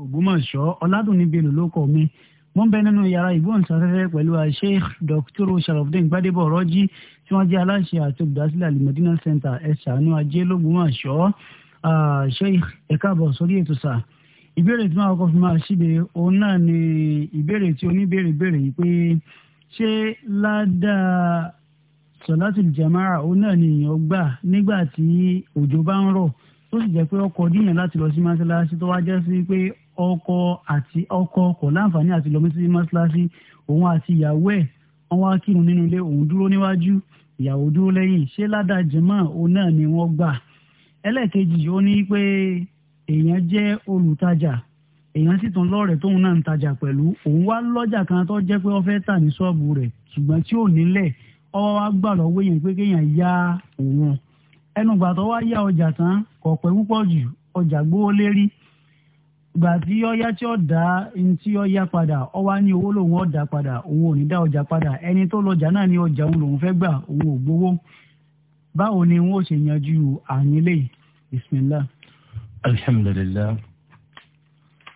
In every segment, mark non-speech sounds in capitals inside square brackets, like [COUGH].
ògbómọ̀ṣọ́ ọ̀làdùnní bello ló kọ́ mi wọ́n bẹ nínú yàrá ìgbóhùnsáfẹ́fẹ́ pẹ̀lú sheikh dr sharafdin gbadebo rọ́jí tí wọ́n jẹ́ aláṣẹ àti olùdásílẹ̀ alimọ̀dínà center ẹ̀sánú ajé lógbómọ̀ṣọ́ sheikh ẹ̀ka àbọ̀ sórí ètò sáà ìbéèrè tí màá kọ́ fi máa ṣíde òun náà ni ìbéèrè tí oníbéèrè béèrè yìí pé ṣé ládàá sọ̀látì jama'a òun náà ni èèyàn gbà nígbà tí òjò bá ń rọ̀ tó sì jẹ́ pé ọkọ̀ díyàn láti lọ sí mọ́ṣáláṣí tó wá jẹ́ sí pé ọkọ àti ọkọ kò láǹfààní àti lọ sí mọ́ṣáláṣí òun àti ìyàwó ẹ̀ wọ́n wá kírun nínú ilé òun dúró níwájú ìyàwó dúró lẹ́yìn ṣé ládàá jẹ̀mọ́ òun náà ni wọ́n gbà ẹlẹ́ẹ̀kejì ó ní pé èèyàn jẹ́ olùtajà èèyàn sì tún lọ́ọ̀rẹ́ tóun náà ń tajà pẹ̀lú òun wá lọ́jà kan tó jẹ́ pé wọ́n fẹ́ tà ní ṣọ́ọ̀bù rẹ̀ ṣùgbọ́n tí ò nílẹ̀ ọwọ́ wa gbà lọ́wọ́ èèyàn pé kéèyàn yá òun ẹnu gbàtọ́ wá yá ọjà tán kọ̀ọ̀pẹ́ púpọ̀ jù ọjà gbówó lérí gbà tí ọyá tí ó dá tí ó yá padà ó wá ní owó lòun ó dá padà òun ò ní dá ọjà padà ẹni tó lọjà náà ní ọjà òun lòun fẹ́ gbà òun ò gbowó báwo ni wọn ò ṣe yanjú àyín lè bisimilá. alhamdulilah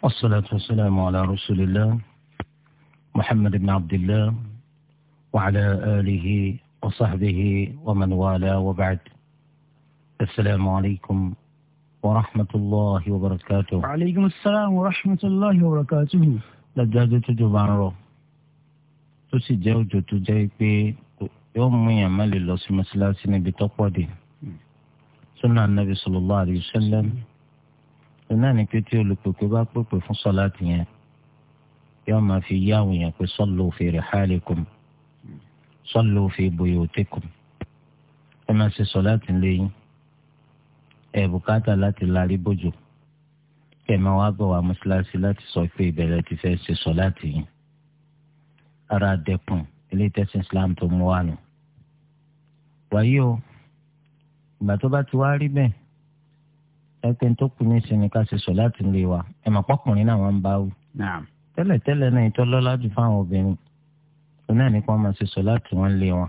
wasalaatu wasalaamu ala rasulillah muhammad ibn abdillah wa ala alihi wa sahbihi wa man wala wa ba'd asalaamu alaykum. As warahmatulahi wabarakatuh. aleykum salaam wa rahmatulahi wa barakatuh. dájúdájú tó jọba ń rọ tó sì jẹ́ òjò tó jẹ́ pé yóò mú yàn má lè lọ sí mọ́ṣáláṣí níbi tọ́pọ̀ dé. sunna anabi sallallahu alayhi wa sallam náà ni pé tí olùpèpè bá pèpè fún sọ́láàtì yẹn yóò máa fi yá àwọn èèyàn pé sallu fi rihalikum sallu fi buyutikum ẹ máa ṣe sọ́láàtì lẹ́yìn ẹ bùkátà láti larí bójú kẹmẹ wàá gbọ́ wá mọ́ṣáláṣí láti sọ pé ìbẹ̀rẹ̀ ti fẹ́ ṣe sọ láti yìn ara dẹkùn ilé ìtẹ̀sìn islam tó mú wa nù. wàyí o ìgbà tó bá ti wá rí bẹ́ẹ̀ ẹgbẹ́ tó kù ní ìsinmi ká ṣe sọ láti lè wa ẹ mọ̀ pọ́kùnrin náà wọ́n ń bá wù. tẹ́lẹ̀tẹ́lẹ̀ náà ìtọ́lọ́lá jù fáwọn obìnrin òun náà ní kí ṣe sọ láti wọ́n lé wọn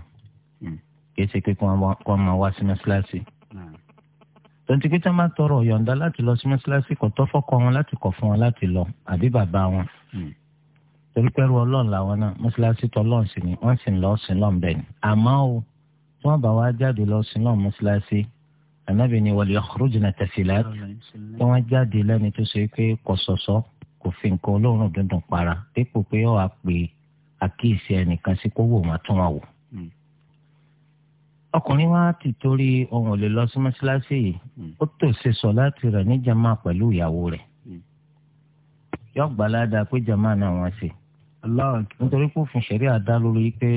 hmm. kì í ṣe pé kí wọ́n máa wá sí mọ́ṣáláṣí tonti pé tí wọn bá tọrọ yọ̀ǹda láti lọ sí mọ́ṣáláṣí kò tọ́ fọ́kọ wọn láti kọ̀ fún wọn láti lọ àbí bàbá wọn hmm. torí pẹ́rú ọlọ́run làwọn náà mọ́ṣáláṣí tọ́ lọ́n sí ni wọ́n sì ń lọ sí lọ́n bẹ́ẹ̀ ni àmọ́ o tí wọ́n bá wá jáde lọ sí lọ́n mọ́ṣáláṣí ànábì ni wal yakhrujna tafilat tí wọ́n jáde lẹ́ni tó ṣe pé kò ṣọ̀ṣọ́ kò fi nǹkan olóòórùn dundun para dípò pé ọ̀ àpè àkíyèsí ẹnìkan sí kó wò wọ́n tún wọn wò ọkùnrin wa ti torí ohun òlè lọ sí mọ́ṣáláṣí yìí hmm. ó tò ṣe sọ láti rẹ̀ ní jama pẹ̀lú ìyàwó rẹ̀ hmm. yọ gbàládà pé jama náà wọ́n ṣe nítorí pé òfin ṣẹ̀rí àdá lórí pé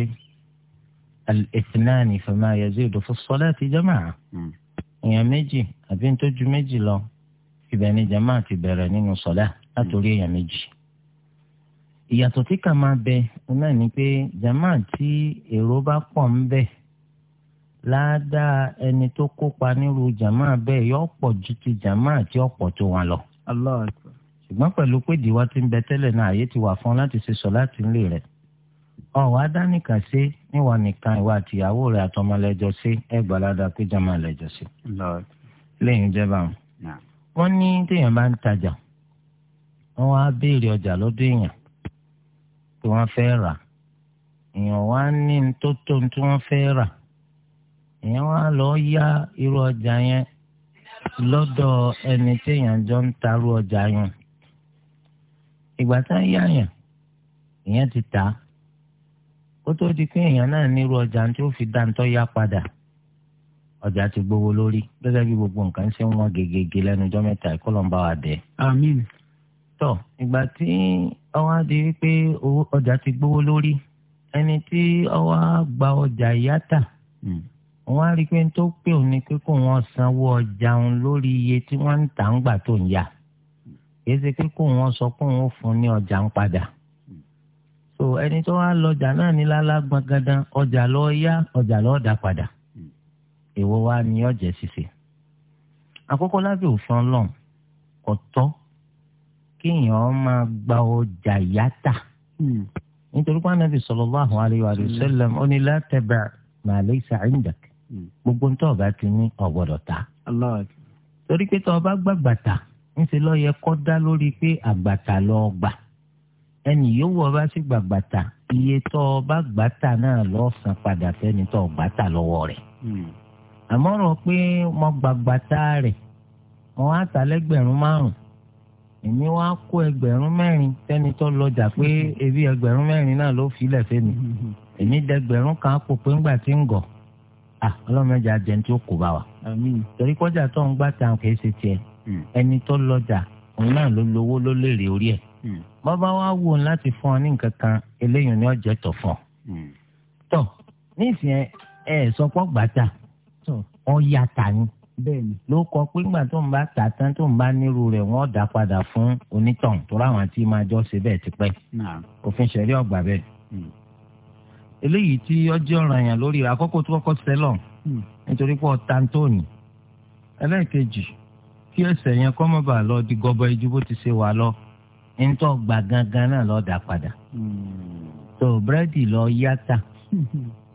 al-ithnani fama yazidu fi salati jama hmm. èèyàn méjì àbí ntójú méjì lọ ibẹ̀ ni jama ti bẹ̀rẹ̀ nínú sọ̀lá látòrí èèyàn méjì ìyàtọ̀ tí máa bẹ náà ni pé jama tí èrò bá pọ̀ ń bẹ́ẹ̀ ládàá ẹni tó kópa nírú jàmá bẹ́ẹ̀ yọ pọ̀ ju ti jàmá àti ọ̀pọ̀ tó wọn lọ. ṣùgbọ́n pẹ̀lú pé wa ti ń bẹ tẹ́lẹ̀ náà àyè ti wà fún láti ṣe sọ láti ilé rẹ̀. ọ̀wọ́ nìkan ìwà àtìyàwó rẹ̀ ládàá pé jàmá lẹ́yìn wọ́n ní téèyàn bá ń tajà wọ́n ọjà èèyàn tí wọ́n fẹ́ rà èèyàn wá ní èèyàn wá lọ yá irú ọjà yẹn lọ́dọ̀ ẹni téèyàn jọ ń tarú ọjà yẹn ìgbà tá ń yá yàn èèyàn ti tà á kó tó di pé èèyàn náà nírú ọjà tí ó fi dá ń tọ́ yá padà ọjà ti gbowó lórí gẹ́gẹ́ bí gbogbo nǹkan ṣe ń wọ́n gegege lẹ́nu ọjọ́ mẹ́ta ẹ̀kọ́ ló bá wa dẹ̀. àmín. tọ ìgbà tí ọwọ́ di wípé ọjà ti gbowó lórí ẹni tí ọwọ́ gba ọjà ìyá tà hmm wọ́n á rí i pé tó pè ó ní pé kó wọ́n sanwó ọjà òun lórí iye tí wọ́n ń tà ń gbà tó ń yà kì ṣe pé kó wọ́n sọ pé òun fún ní ọjà ń padà so ẹni tó wá lọjà náà ní lálágbọn gandan ọjà lọ yá ọjà lọ dá padà èwo wá ní ọjà ṣíṣe àkọ́kọ́ lábẹ́ òfin Ọlọ́run kò tọ́ kéèyàn máa gba ọjà yàtà hmm. nítorí pé Ànábì sallallahu alaihi wa sallam ó ní la tabi' ma laysa gbogbo ń tọ́ ọ̀gá ti ní ọ̀gbọ́dọ̀ ta. torí pé tọ́ ọba gbàgbà ta ńṣe ló yẹ kó dá lórí pé àgbàtà lọ gbà ẹnì yòówù ọba sì gbàgbà iye tọ́ ọba gbàtà náà lọ san padà fẹ́ni tọ́ gbàtà lọ́wọ́ rẹ̀. Hmm. àmọ́ rọ pé mo gbàgbà rẹ̀ mo á ta lẹ́gbẹ̀rún márùn-ún èmi wá kó ẹgbẹ̀rún mẹ́rin sẹ́ni tó lọ́jà pé ebi ẹgbẹ̀rún mẹ́rin náà ló filẹ̀ fẹ́mi hmm. èmi dẹgbẹ̀rún kan kò pé ńgbà tí ń gọ̀ Ah, ọlọ́mọdé ajẹ́ tí ó kó bá wa. torí kọjá tó ń gbà tán kì í ṣe tiẹ̀ hmm. ẹni tó lọ́jà òun náà ló lówó ló lérè orí ẹ̀. bàbá wa wò láti fún ọ ní nǹkan kan eléyìí ni ọjọ́ tọ̀ fún ọ. Hmm. tọ nísìnyẹn ẹ ẹ sọ pé gbàtà ọ yà tà ni ló kọ pé ńgbà tó ń bá tà tán tó ń bá nírú rẹ̀ wọ́n dà padà fún onítàn tó ráwọn tí máa jọ ṣe bẹ́ẹ̀ tipẹ́ òfin ṣẹlẹ̀ ọgbà bẹ́ẹ̀. Hmm eléyìí tí ọjọ́ ọ̀ràn yàn lórí rẹ̀ àkọ́kọ́ tó kọ́kọ́ sẹ́lọ̀ hmm. nítorí pé ọ̀tá ń tó nì ẹlẹ́ẹ̀kejì kí ẹsẹ̀ yẹn kọ́ mọ́ bà lọ di gọbọ ijú bó ti ṣe wà lọ ńtọ́ gbà gangan náà lọ dà padà tó hmm. búrẹ́dì lọ yáta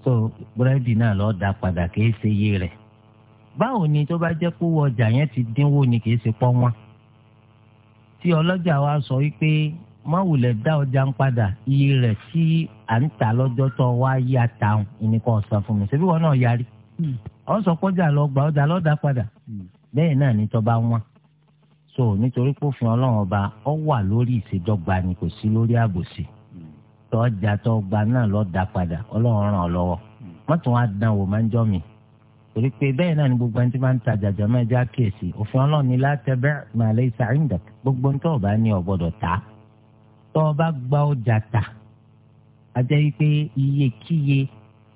tó hmm. búrẹ́dì náà lọ dà padà kìí ṣe iye rẹ̀ báwo ni tó bá jẹ́ pé ọjà yẹn ti dínwó ni kìí ṣe pọ́n wọn tí ọlọ́jà wa sọ wípé má wulẹ̀ dá ọjà ń padà iye rẹ̀ tí à ń tà lọ́jọ́ tó wá yá tàun ìníkọ́ ọ̀sán fún mi ṣebí wọn náà yarí hmm. ọ̀sán kọjá lọ gba ọjà lọ́dà padà hmm. bẹ́ẹ̀ náà ní tọ́ba wọn so nítorí pófin ọlọ́run ọba ọ wà lórí ìṣèjọba ni kò sí lórí àbòsí hmm. tọ́jà tọ́gba náà lọ́dà padà ọlọ́run ràn ọ́ lọ́wọ́ mọ́tò wọn á dán wò máa ń jọ́ mi torí pé bẹ́ẹ̀ náà ni gbogbo ẹni tí máa ń ni látẹ̀bẹ́ màálẹ́ ìsàrìǹdà gbogbo ń tọ́ ọ̀bá ní ọ̀gbọ́dọ̀ ta tọ́ ọ bá gba ọjà tà á jẹ́ wípé iyekíye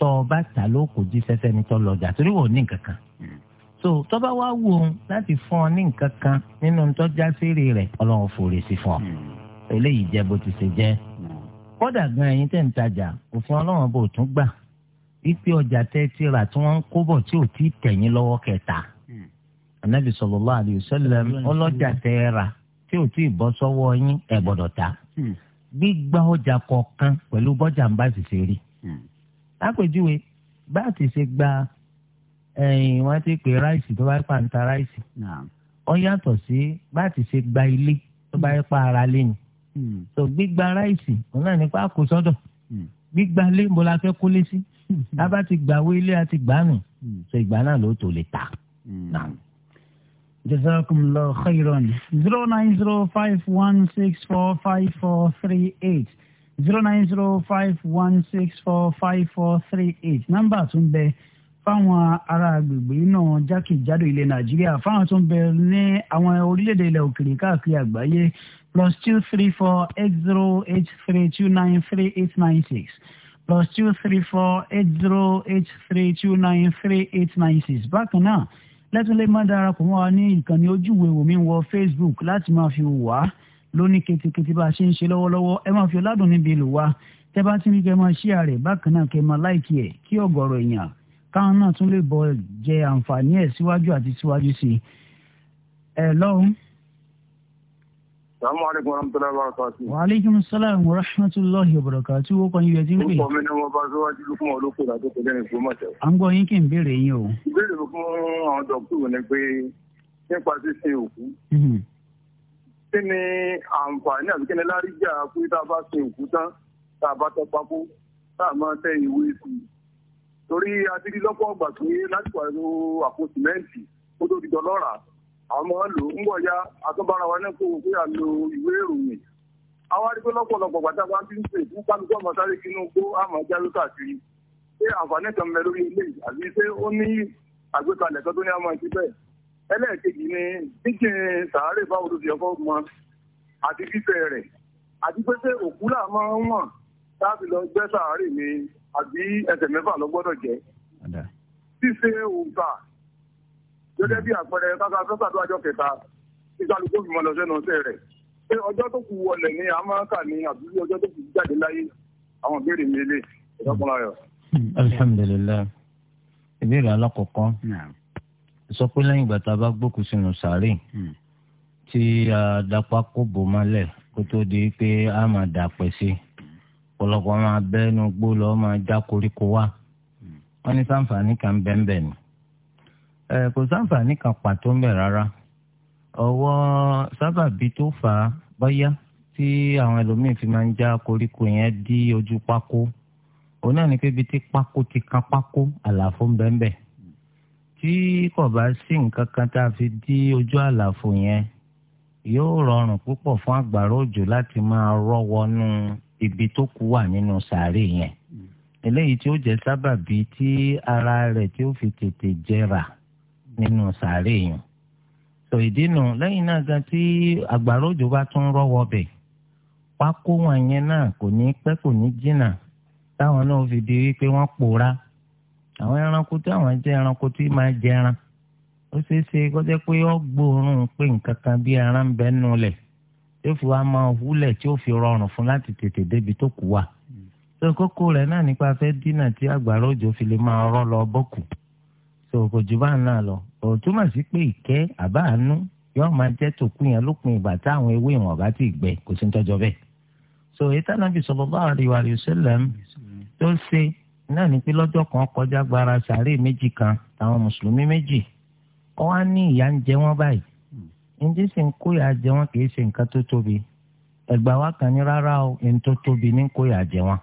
tọ́ ọ bá tà ló kò jí sẹ́sẹ́ ni tọ́ lọ́jà torí wọ́n ní nǹkan kan so tọ́ bá wá wù ọ́n láti fún ọ ní nǹkan kan nínú tọ́já sírì rẹ̀ ọlọ́run fòrè sí fún ọ eléyìí jẹ́ bó ti ṣe jẹ́ kódà gan ẹ̀yin tẹ̀ ń tajà òfin ọlọ́run bò tún gbà wípé ọjà tẹ́ ti rà tí wọ́n ń kó bọ̀ tí ò tí ì tẹ̀yìn lọ́wọ́ kẹta anabi sallallahu alayhi wa sallam ọlọ́jà tẹ́ rà tí ò tí ì bọ́ sọ́wọ́ yín ẹ gbọ́dọ̀ ta Hmm. gbígba ọjà kọ̀ọ̀kan pẹ̀lú bọ́jà ń bá sì ṣe rí. Hmm. lápèjúwe bá a ti ṣe gba ẹ̀yìn wọn ti pè ráìsì tó bá pa ń ta ráìsì. ó yàtọ̀ sí bá a ti ṣe gba ilé tó bá pa ara lé ni. tó hmm. gbígba ráìsì òun náà nípa kò sọ́dọ̀. gbígba ilé mo la fẹ́ kólé sí. a bá ti gbàwé ilé a ti gbà nù. sọ ìgbà náà ló tó lè ta jazakumullahu khairan zero nine zero five one six four five four three eight zero nine zero five one six four five four three eight nọ́mbà tún bẹ fáwọn ará agbègbè náà jákèjádò ilẹ̀ nàìjíríà fáwọn tún bẹ ní àwọn orílẹ̀-èdè ilẹ̀ òkèèrè káàkiri àgbáyé plus two three four eight zero eight three two nine three eight nine six plus two three four eight zero eight three two nine three eight nine six bákan náà lẹ́túnlé má darapọ̀ mọ́ wa ní ìkànnì ojúwe wòmí wọ facebook láti máa fi wà á lónìí ketekete bá a ṣe ń ṣe lọ́wọ́lọ́wọ́ ẹ máa fi ọ̀làdùn níbi lò wá tẹ́ bá ti ní kẹ́ máa ṣíà rẹ̀ bákan náà kẹ́ máa láìkí ẹ̀ kí ọ̀gọ̀rọ̀ èèyàn káwọn náà tún lè bọ jẹ àǹfààní ẹ̀ síwájú àti síwájú sí i ẹ̀ lọ́hùn-ún wa alaikum rahmatulahi ọ̀bọ̀dọ̀ká tí ó kọ́ yíyẹ tí ń pè. Ó kọ́ mi ní wọ́n bá síwájú lókun olóko ìdá tó kọjá ní ìfowópamọ́sẹ̀. À ń gbọ́ yín kí n béèrè yín o. Ìbéèrè fún àwọn dọ̀kítù ni pé nípa ṣíṣe òkú. Mhm. Kí ni àǹfààní àbí kí ni láríjà pé tá a bá ṣe òkú tán, tá a bá tọ́ pákó, tá a máa tẹ ìwé sí i. Torí adídí lọ́pọ̀ ọgbà pé lásìkò àkóso àmọ́ lò ya àtúbára wa ní kó o pé à lo ìwé ìròyìn àwọn arígbé lọ́pọ̀lọpọ̀ pátápá ti ń pè fún kálukú kínú kó àmọ́ káàkiri àǹfààní kan mẹ lórí ilé àbí ó ní àgbékalẹ̀ tó ní àmọ́ ẹlẹ́ẹ̀kejì ni sàárè bá ló àti fífẹ́ rẹ̀ àti òkú là máa ń wọ̀n láti lọ gbẹ́ sàárè ni àbí ẹsẹ̀ mẹ́fà lọ gẹ́gẹ́ bí àpẹẹrẹ káka sọ́sà tó àjọ kẹta tí kálukú fi mọ lọ sẹ́nu ọ̀sẹ̀ rẹ̀ pé ọjọ́ tó kù wọlé ní amáka ní àbúrò ọjọ́ tó kù jáde láyé àwọn ìbéèrè mi lè ìdọ́kùnrin rẹ̀. alhamdulilayi ìbéèrè alákọ̀ọ́kọ́ sọ pé lẹ́yìn ìgbà tá a bá gbókùn sínú sàárè hmm. tí a dapá kó bò mọ́lẹ̀ kó tó di pé a máa dàpẹ́ sí ọ̀pọ̀lọpọ̀ máa bẹ́ẹ̀ nu gbó lọ́ọ́ máa já koríko wá hmm. wọ́n ní sáǹfààní kan bẹ́ẹ̀ bẹ́ẹ̀ ni kò sáǹfààní kan pàtó ń bẹ̀ rárá ọwọ́ sábàbí tó fà á bọ́yá tí àwọn ẹlòmíín fi máa ń já koríko yẹn dí ojú pákó òun náà ni pé ibi tí pákó ti kan pákó àlàfo ń bẹ́ẹ̀ bẹ́ẹ̀ tí kò bá sí nǹkan kan tá a fi dí ojú àlàfo yẹn yóò rọrùn púpọ̀ fún àgbàrá òjò láti máa rọ́ wọnú ibi tó kù wà nínú sàárè yẹn eléyìí tí ó jẹ́ sábàbí tí ara rẹ̀ tí ó fi tètè jẹrà nínú sàárè yẹn tó ìdínà lẹ́yìn náà gan tí àgbàrá òjò bá tún rọ́wọ́ bẹ̀ pákó wọn yẹn náà kò ní pẹ́ kò ní jìnnà táwọn náà fi di wípé wọ́n pòórá àwọn ẹranko tí àwọn jẹ́ ẹranko tí máa jẹran ó kọjá pé ó gbóòórùn pé nǹkan kan ara ń nù lẹ̀ tí fi wá máa tí ó fi rọrùn fún láti tètè débi tó kù wà tó kókó rẹ̀ náà lọ bọ́kù tó kò jù bá ó túmọ̀ sí pé ìkẹ́ àbá àánú yóò máa jẹ́ tòkú yẹn lópin ìgbà táwọn ewé ìwọ̀n bá ti gbẹ kò sí tọ́jọ́ bẹ́ẹ̀. so ètò ànábì sallallahu alaihi wasallam tó ń ṣe náà ní pé lọ́jọ́ kan kọjá gbara sàárè méjì kan táwọn mùsùlùmí méjì ó wá ní ìyà ń jẹ wọ́n báyìí ǹjẹ́ sì ń kóyà jẹ wọ́n kì í ṣe nǹkan tó tóbi ẹ̀gbà wa kàn ní rárá o ẹni tó tóbi ní kóyà jẹ wọ́n.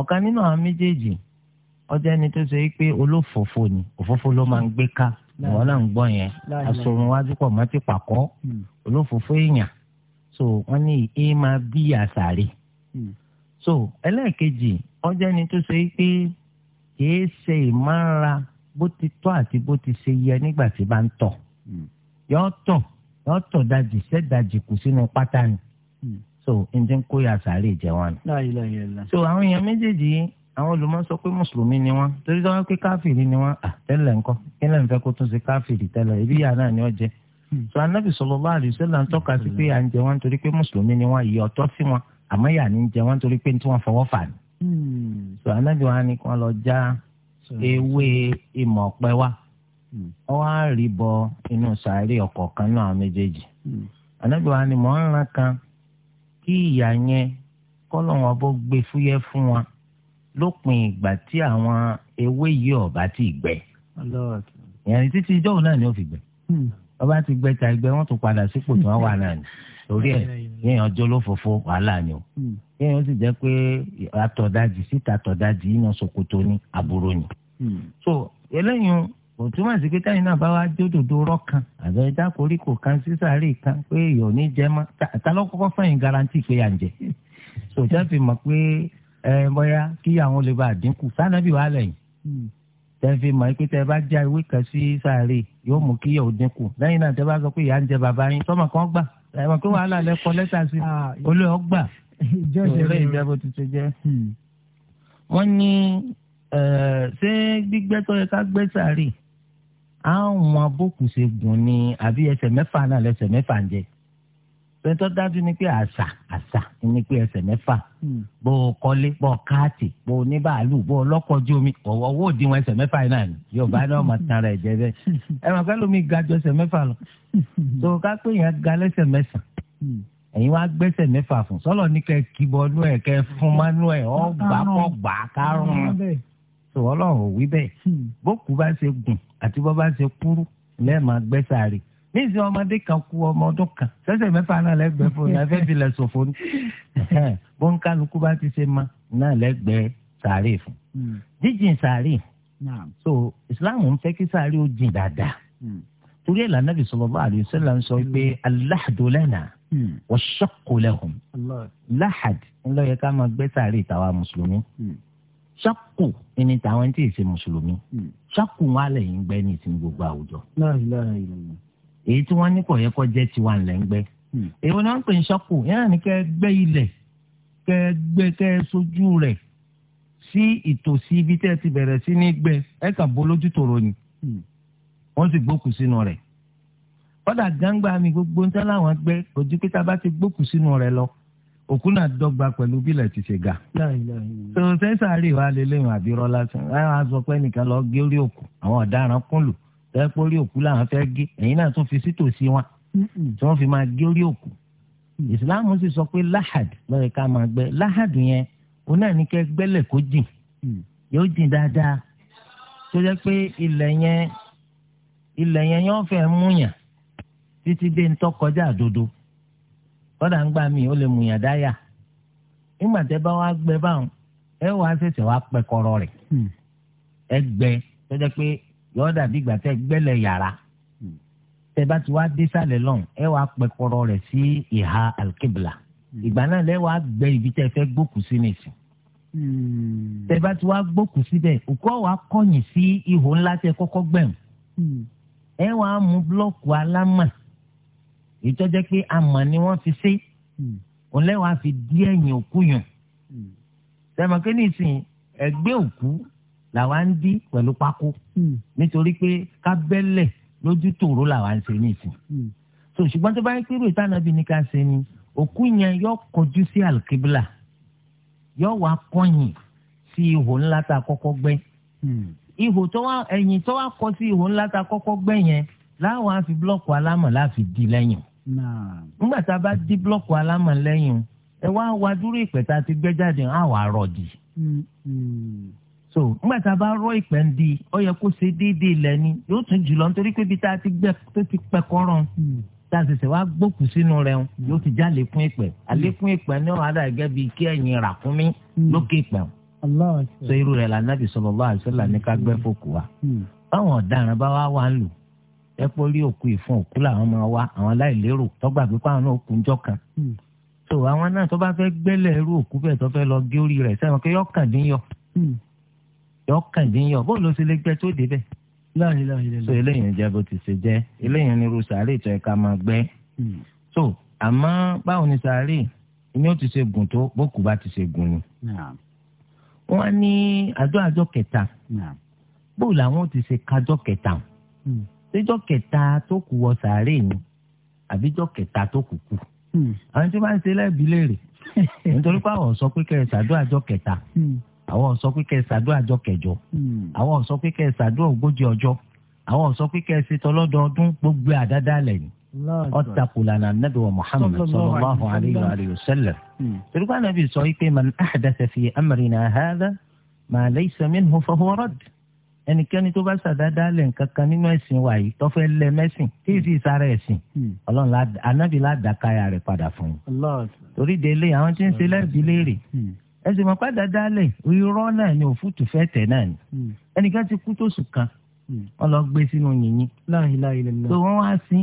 ọ̀kan nínú àwọn méjèèjì ọjọ́ ẹni tó ṣe wípé olófòfò ni òfófó ló máa ń gbé ká wọn náà ń gbọ́ yẹn asorun wájú pọ̀ mọ́tì pàkọ́ hmm. olófòfó èèyàn so wọ́n ní èé máa bí àṣàrí hmm. so ẹlẹ́ẹ̀kejì ọjọ́ ẹni tó ṣe pé kìí ṣe ìmọ̀ra bó ti tọ́ àti bó ti ṣe yẹ nígbà tí bá ń tọ̀ hmm. yọ tọ̀ yọ tọ̀ dajì sẹ́dajì kù sínú pátá ni so ǹjẹ́ ń kó yà sàárè jẹ́ wọn. so àwọn èèyàn méjèèjì àwọn olùmọ̀ sọ pé mùsùlùmí ni wọ́n torí sọ pé káfìrí ni wọ́n tẹ́lẹ̀ ńkọ́ kí lẹ́yìn fẹ́ kó tún ṣe káfìrí tẹ́lẹ̀ ibi yà náà ni ó jẹ hmm. sọ anábì sallallahu alaihi wasallam ń tọ́ka sí pé à ń jẹ wọ́n torí pé mùsùlùmí ni wọ́n yìí ọ̀tọ̀ sí wọn àmọ́ yà ní jẹ wọ́n torí pé tí wọ́n fọwọ́ fà ní. Hmm. sọ anábì wa ni kàn lọ já ewé ìmọ̀ ọ̀pẹ wa hmm. ọ wá rí bọ inú sàárè ọ̀kọ̀ọ̀kan náà méjèèjì anábì wa ni mọ̀ ń rán kan kí ìyà yẹn kọ́ lópin ìgbà tí àwọn ewé yìí ọba ti gbẹ ìyẹn títí ìjọ́ òun náà ni ó fi gbẹ ọba hmm. ti gbẹ ta ìgbẹ wọn tún padà sípò tí wọn wà náà ni torí ẹ yéèyàn jóló fòfo wàhálà ni o hmm. yéèyàn sì jẹ pé àtọ̀dájì síta àtọ̀dájì yìí náà ṣòkòtò ní àbúrò ni. Hmm. so eléyìí kò túmọ̀ sí pé táyìn náà bá wá jódòdó rọ́ọ̀kan àbẹ ẹja koríko kan sísàárè kan pé èèyàn ní jẹ mọ́ ta ló kọ́kọ́ fẹ́yìn garanti pé à ń jẹ. [LAUGHS] so jáde mọ̀ pé ẹ bóyá kí àwọn lè bá àdínkù sànàbí wà lẹ́yìn hmm. tẹ́fí mọ̀ pé tẹ́ bá já ewé kan sí sáré yóò mú kí yóò dínkù lẹ́yìn náà tẹ́ bá sọ pé ìyá ń jẹ bàbá yín sọ́mọ kan gbà ẹ̀mọ̀ pé wàhálà lẹ́kọ lẹ́tà sí olóyè ọgbà ìrẹ́ ìjẹ́bù tuntun jẹ́. Hmm. wọ́n ní ṣé gbígbẹ́ tó yẹ ká gbẹ́ sáré àwọn abókùsẹ̀ gùn ni àbí ẹsẹ̀ mẹ́fà náà lẹ́sẹ̀ mẹ́fà ń jẹ́ pẹ̀lú tó dájú ni pé àṣà àṣà ni pé ẹsẹ̀ mẹ́fà hmm. bó o kọ́lé bó o káàtì bó o ní bàálù bó o lọ́kọ̀ ojú omi ọ̀wọ́ owó òdiwọ̀n ẹsẹ̀ mẹ́fà yìí náà ni yorùbá náà máa tan ara ẹ̀jẹ̀ bẹ́ẹ̀ ẹ máa fẹ́ lómi ga ju ẹsẹ̀ mẹ́fà lọ tó o ká pé yẹn ga lẹ́sẹ̀ mẹ́sàn-án hmm. ẹ̀yin wá gbẹ́sẹ̀ mẹ́fà fún sọ́lọ́ ní kẹ́ kíbọ́nú ẹ̀ kẹ́ fún mánú ẹ̀ ọgbà kọ́ gbà kárùn-ún tó ọlọ́run ò wí bẹ́ẹ̀ hmm. bó kú bá ṣe gùn àti bó bá ṣe kúrú lẹ́ẹ̀ máa gbẹ́sàárì níìsín ọmọdé kan kú ọmọ ọdún kan sẹsẹ mẹ́fà náà lẹgbẹẹ fún mi afẹ́ fi lẹ sọ̀fọ̀ ní bọ́ńkálukú bá ti ṣe ma náà lẹgbẹẹ sàárè fún hmm. jíjìn sàárè so islam ń fẹ́ kí sàárè ó jìn dáadáa hmm. torí ẹ̀ lànà bí sallallahu alaihi wasallam ń sọ pé hmm. al-lahdu lana wa shaqqu láhàd ńlọ ká máa gbé sàárè tàwa mùsùlùmí ṣakù ẹni tàwọn tí ì ṣe mùsùlùmí ṣakù wọn alẹ yìí ń gbẹ ní ìsinmi gbogbo àwùjọ èyí tí wọ́n ní kò yẹ kó jẹ́ tiwa ńlẹ̀ ń gbẹ́ hmm. èwo náà ń pè ń ṣọ́kù yẹn ní kẹ́ gbẹ́ ilẹ̀ kẹ́ gbẹ́ kẹ́ sojú rẹ̀ sí ìtòsí ibi tẹ́ ti bẹ̀rẹ̀ sí ní gbẹ́ ẹ̀ kà bó lójú tòrò ni hmm. wọ́n sì gbókù sínú rẹ̀ kọ́dà gángba mi gbogbo ń tẹ́ láwọn gbẹ́ ojú pé tá a bá ti gbókù sínú rẹ̀ lọ òkú náà dọ́gba pẹ̀lú bílẹ̀ ti ṣe ga. tó sẹ́sàárì wa lélẹ́yìn àbí rọ́lá sọ pé nìkan lọ gé orí òkú àwọn ọ̀daràn kúnlù tẹ́ pé orí òkú làwọn fẹ́ gé ẹ̀yin náà tún fi sítòsí wọn tí wọ́n fi máa gé orí òkú mm. ìsìláàmù sì sọ pé láhàd lọ́yẹ̀ ká máa gbẹ́ láhàd yẹn òun náà ní kẹ́ gbẹ́lẹ̀ kó jìn mm. yóò jìn dáadáa tó jẹ́ pé ilẹ̀ yẹn ilẹ̀ yẹn yóò fẹ́ múyàn títí dé ń tọkọjá àdodo kọ́dà ń gbà mí ó lè múyàn dáyà nígbà tẹ́ bá wá gbẹ́ báwọn ẹ wàá ṣẹ̀ṣẹ̀ wá pẹ́ kọ́rọ́ rẹ̀ mm. ẹ gbẹ́ tó jẹ́ pé yọ dàbí ìgbà tẹ gbẹ́lẹ̀ yàrá hmm. tẹ bá ti wá dé sàlẹ̀ lọ́hùn ẹ wàá pẹ kọrọ rẹ̀ sí ìhà alkebla hmm. ìgbà náà lẹ wàá gbẹ́ ibi tẹ fẹ́ gbókù sí nìsín hmm. tẹ bá ti wá gbókù síbẹ̀ òkú ọ̀ wàá kọ̀yìn sí ihò ńlá tẹ kọ́kọ́ gbẹ̀m ẹ wàá mú blọ́ọ̀kù alámà ìtọ́jẹ́ pé amọ̀ ni wọ́n fi ṣe òun lẹ́wàá fi dí ẹ̀yìn òkú yàn sẹ́mi kí nìsín ẹgbẹ́ òkú làwa ń dí pẹ̀lú pákó hmm. nítorí pé kábẹ́lẹ̀ lójú tòró làwa ń ṣe nìsín hmm. so ṣùgbọ́n tó bá yẹ pé ròyìn tànàbí ni ká ṣe ni òkú yẹn yóò kọjú sí alkibla yóò wá kọ̀yìn sí ihò ńlá tá a kọ́kọ́ gbẹ́ hmm. ihò tó wá ẹ̀yìn tó wá kọ sí ihò ńlá tá a kọ́kọ́ gbẹ́ yẹn láwọn á fi blọ́ọ̀kù alámọ̀ láfi di lẹ́yìn nígbà tá a bá di blọ́ọ̀kù alámọ̀ lẹ́yìn ẹ wá wá dúró ìpẹ́ta ti gbẹ́ jáde á wà rọ̀ so nígbà tá a bá rọ ìpẹ́ ń di ó yẹ kó ṣe déédéé lẹ́ni yóò tún jùlọ nítorí pé ibi tá a ti gbẹ tó ti pẹ kọ́rọ̀ hmm. tá a ṣẹ̀ṣẹ̀ wá gbókù sínú rẹ̀ hmm. yóò ti já lékún ìpẹ́ hmm. àlékún ìpẹ́ ní ọ̀hádà gẹ́gẹ́ bíi kí ẹ̀yìn ràkúnmí lókè ìpẹ́ so irú rẹ̀ lànàbì sallallahu alaihi wasallam ní ká gbẹ́ fòkù wa báwọn ọ̀daràn bá wá wà ń lò ẹ pé orí òkú ìfún òkú làwọn máa wá àwọn aláìlérò tọ́gbà pé káwọn náà kú kan so àwọn náà tó bá fẹ́ gbẹ́lẹ̀ irú òkú bẹ́ẹ̀ tó fẹ́ lọ gé orí rẹ̀ sẹ́wọ̀n pé yọkàn dín yọ yọ kàndínyọ bó ló ṣe lè gbẹ tó débẹ̀. so eléyìí jẹ bó ti ṣe jẹ eléyìí ni irú sàárè tó yẹ ká máa gbẹ́. Hmm. so àmọ́ báwo ni sàárè ni ó ti ṣe gùn tó bókù bá ti ṣe gùn ni. wọ́n ní àjọ àjọ kẹta bó làwọn ó ti ṣe kájọ kẹta síjọ hmm. kẹta tó kù wọ sàárè ni àbíjọ kẹta tó kù kù. Hmm. àwọn tí wọ́n bá ń ṣe lẹ́bi léèrè [LAUGHS] nítorí pé àwọn sọ pé kẹrìndínláàjọ kẹta àwọn sọ pé kẹ́ ẹ ṣàdúrà àjọ kẹjọ hmm. àwọn sọ pé kẹ́ ẹ ṣàdúrà ogójì ọjọ́ àwọn sọ pé kẹ́ ẹ ṣe tọlọ́dọọdún gbogbo àdáda lẹ̀ ni ọ̀tàkùlànà nàbẹ̀wò Muhammad sallallahu alayhi wa sallam. Hmm. tìrúbà nàbì sọ pé man ahdatha fi amrina hadha ma laysa minhu fahuwa radd ẹnikẹ́ni tó bá ṣàdáadáa lẹ̀ kankan nínú ẹ̀sìn wa yìí tó lẹ mẹ́sìn tí ì sì sára ẹ̀sìn hmm. ọlọ́run anábì ládàkáyà rẹ̀ padà fún un. torí délé àwọn tí ń ṣe lẹ́bi léèrè ẹsìn mọ̀pá dáadáa lẹ̀ irọ́ náà ni òfútù fẹ́ tẹ̀ náà ni hmm. ẹnìkan ti kú tó sùn kan hmm. wọn lọ gbé sínú yìnyín tó wọn wá sí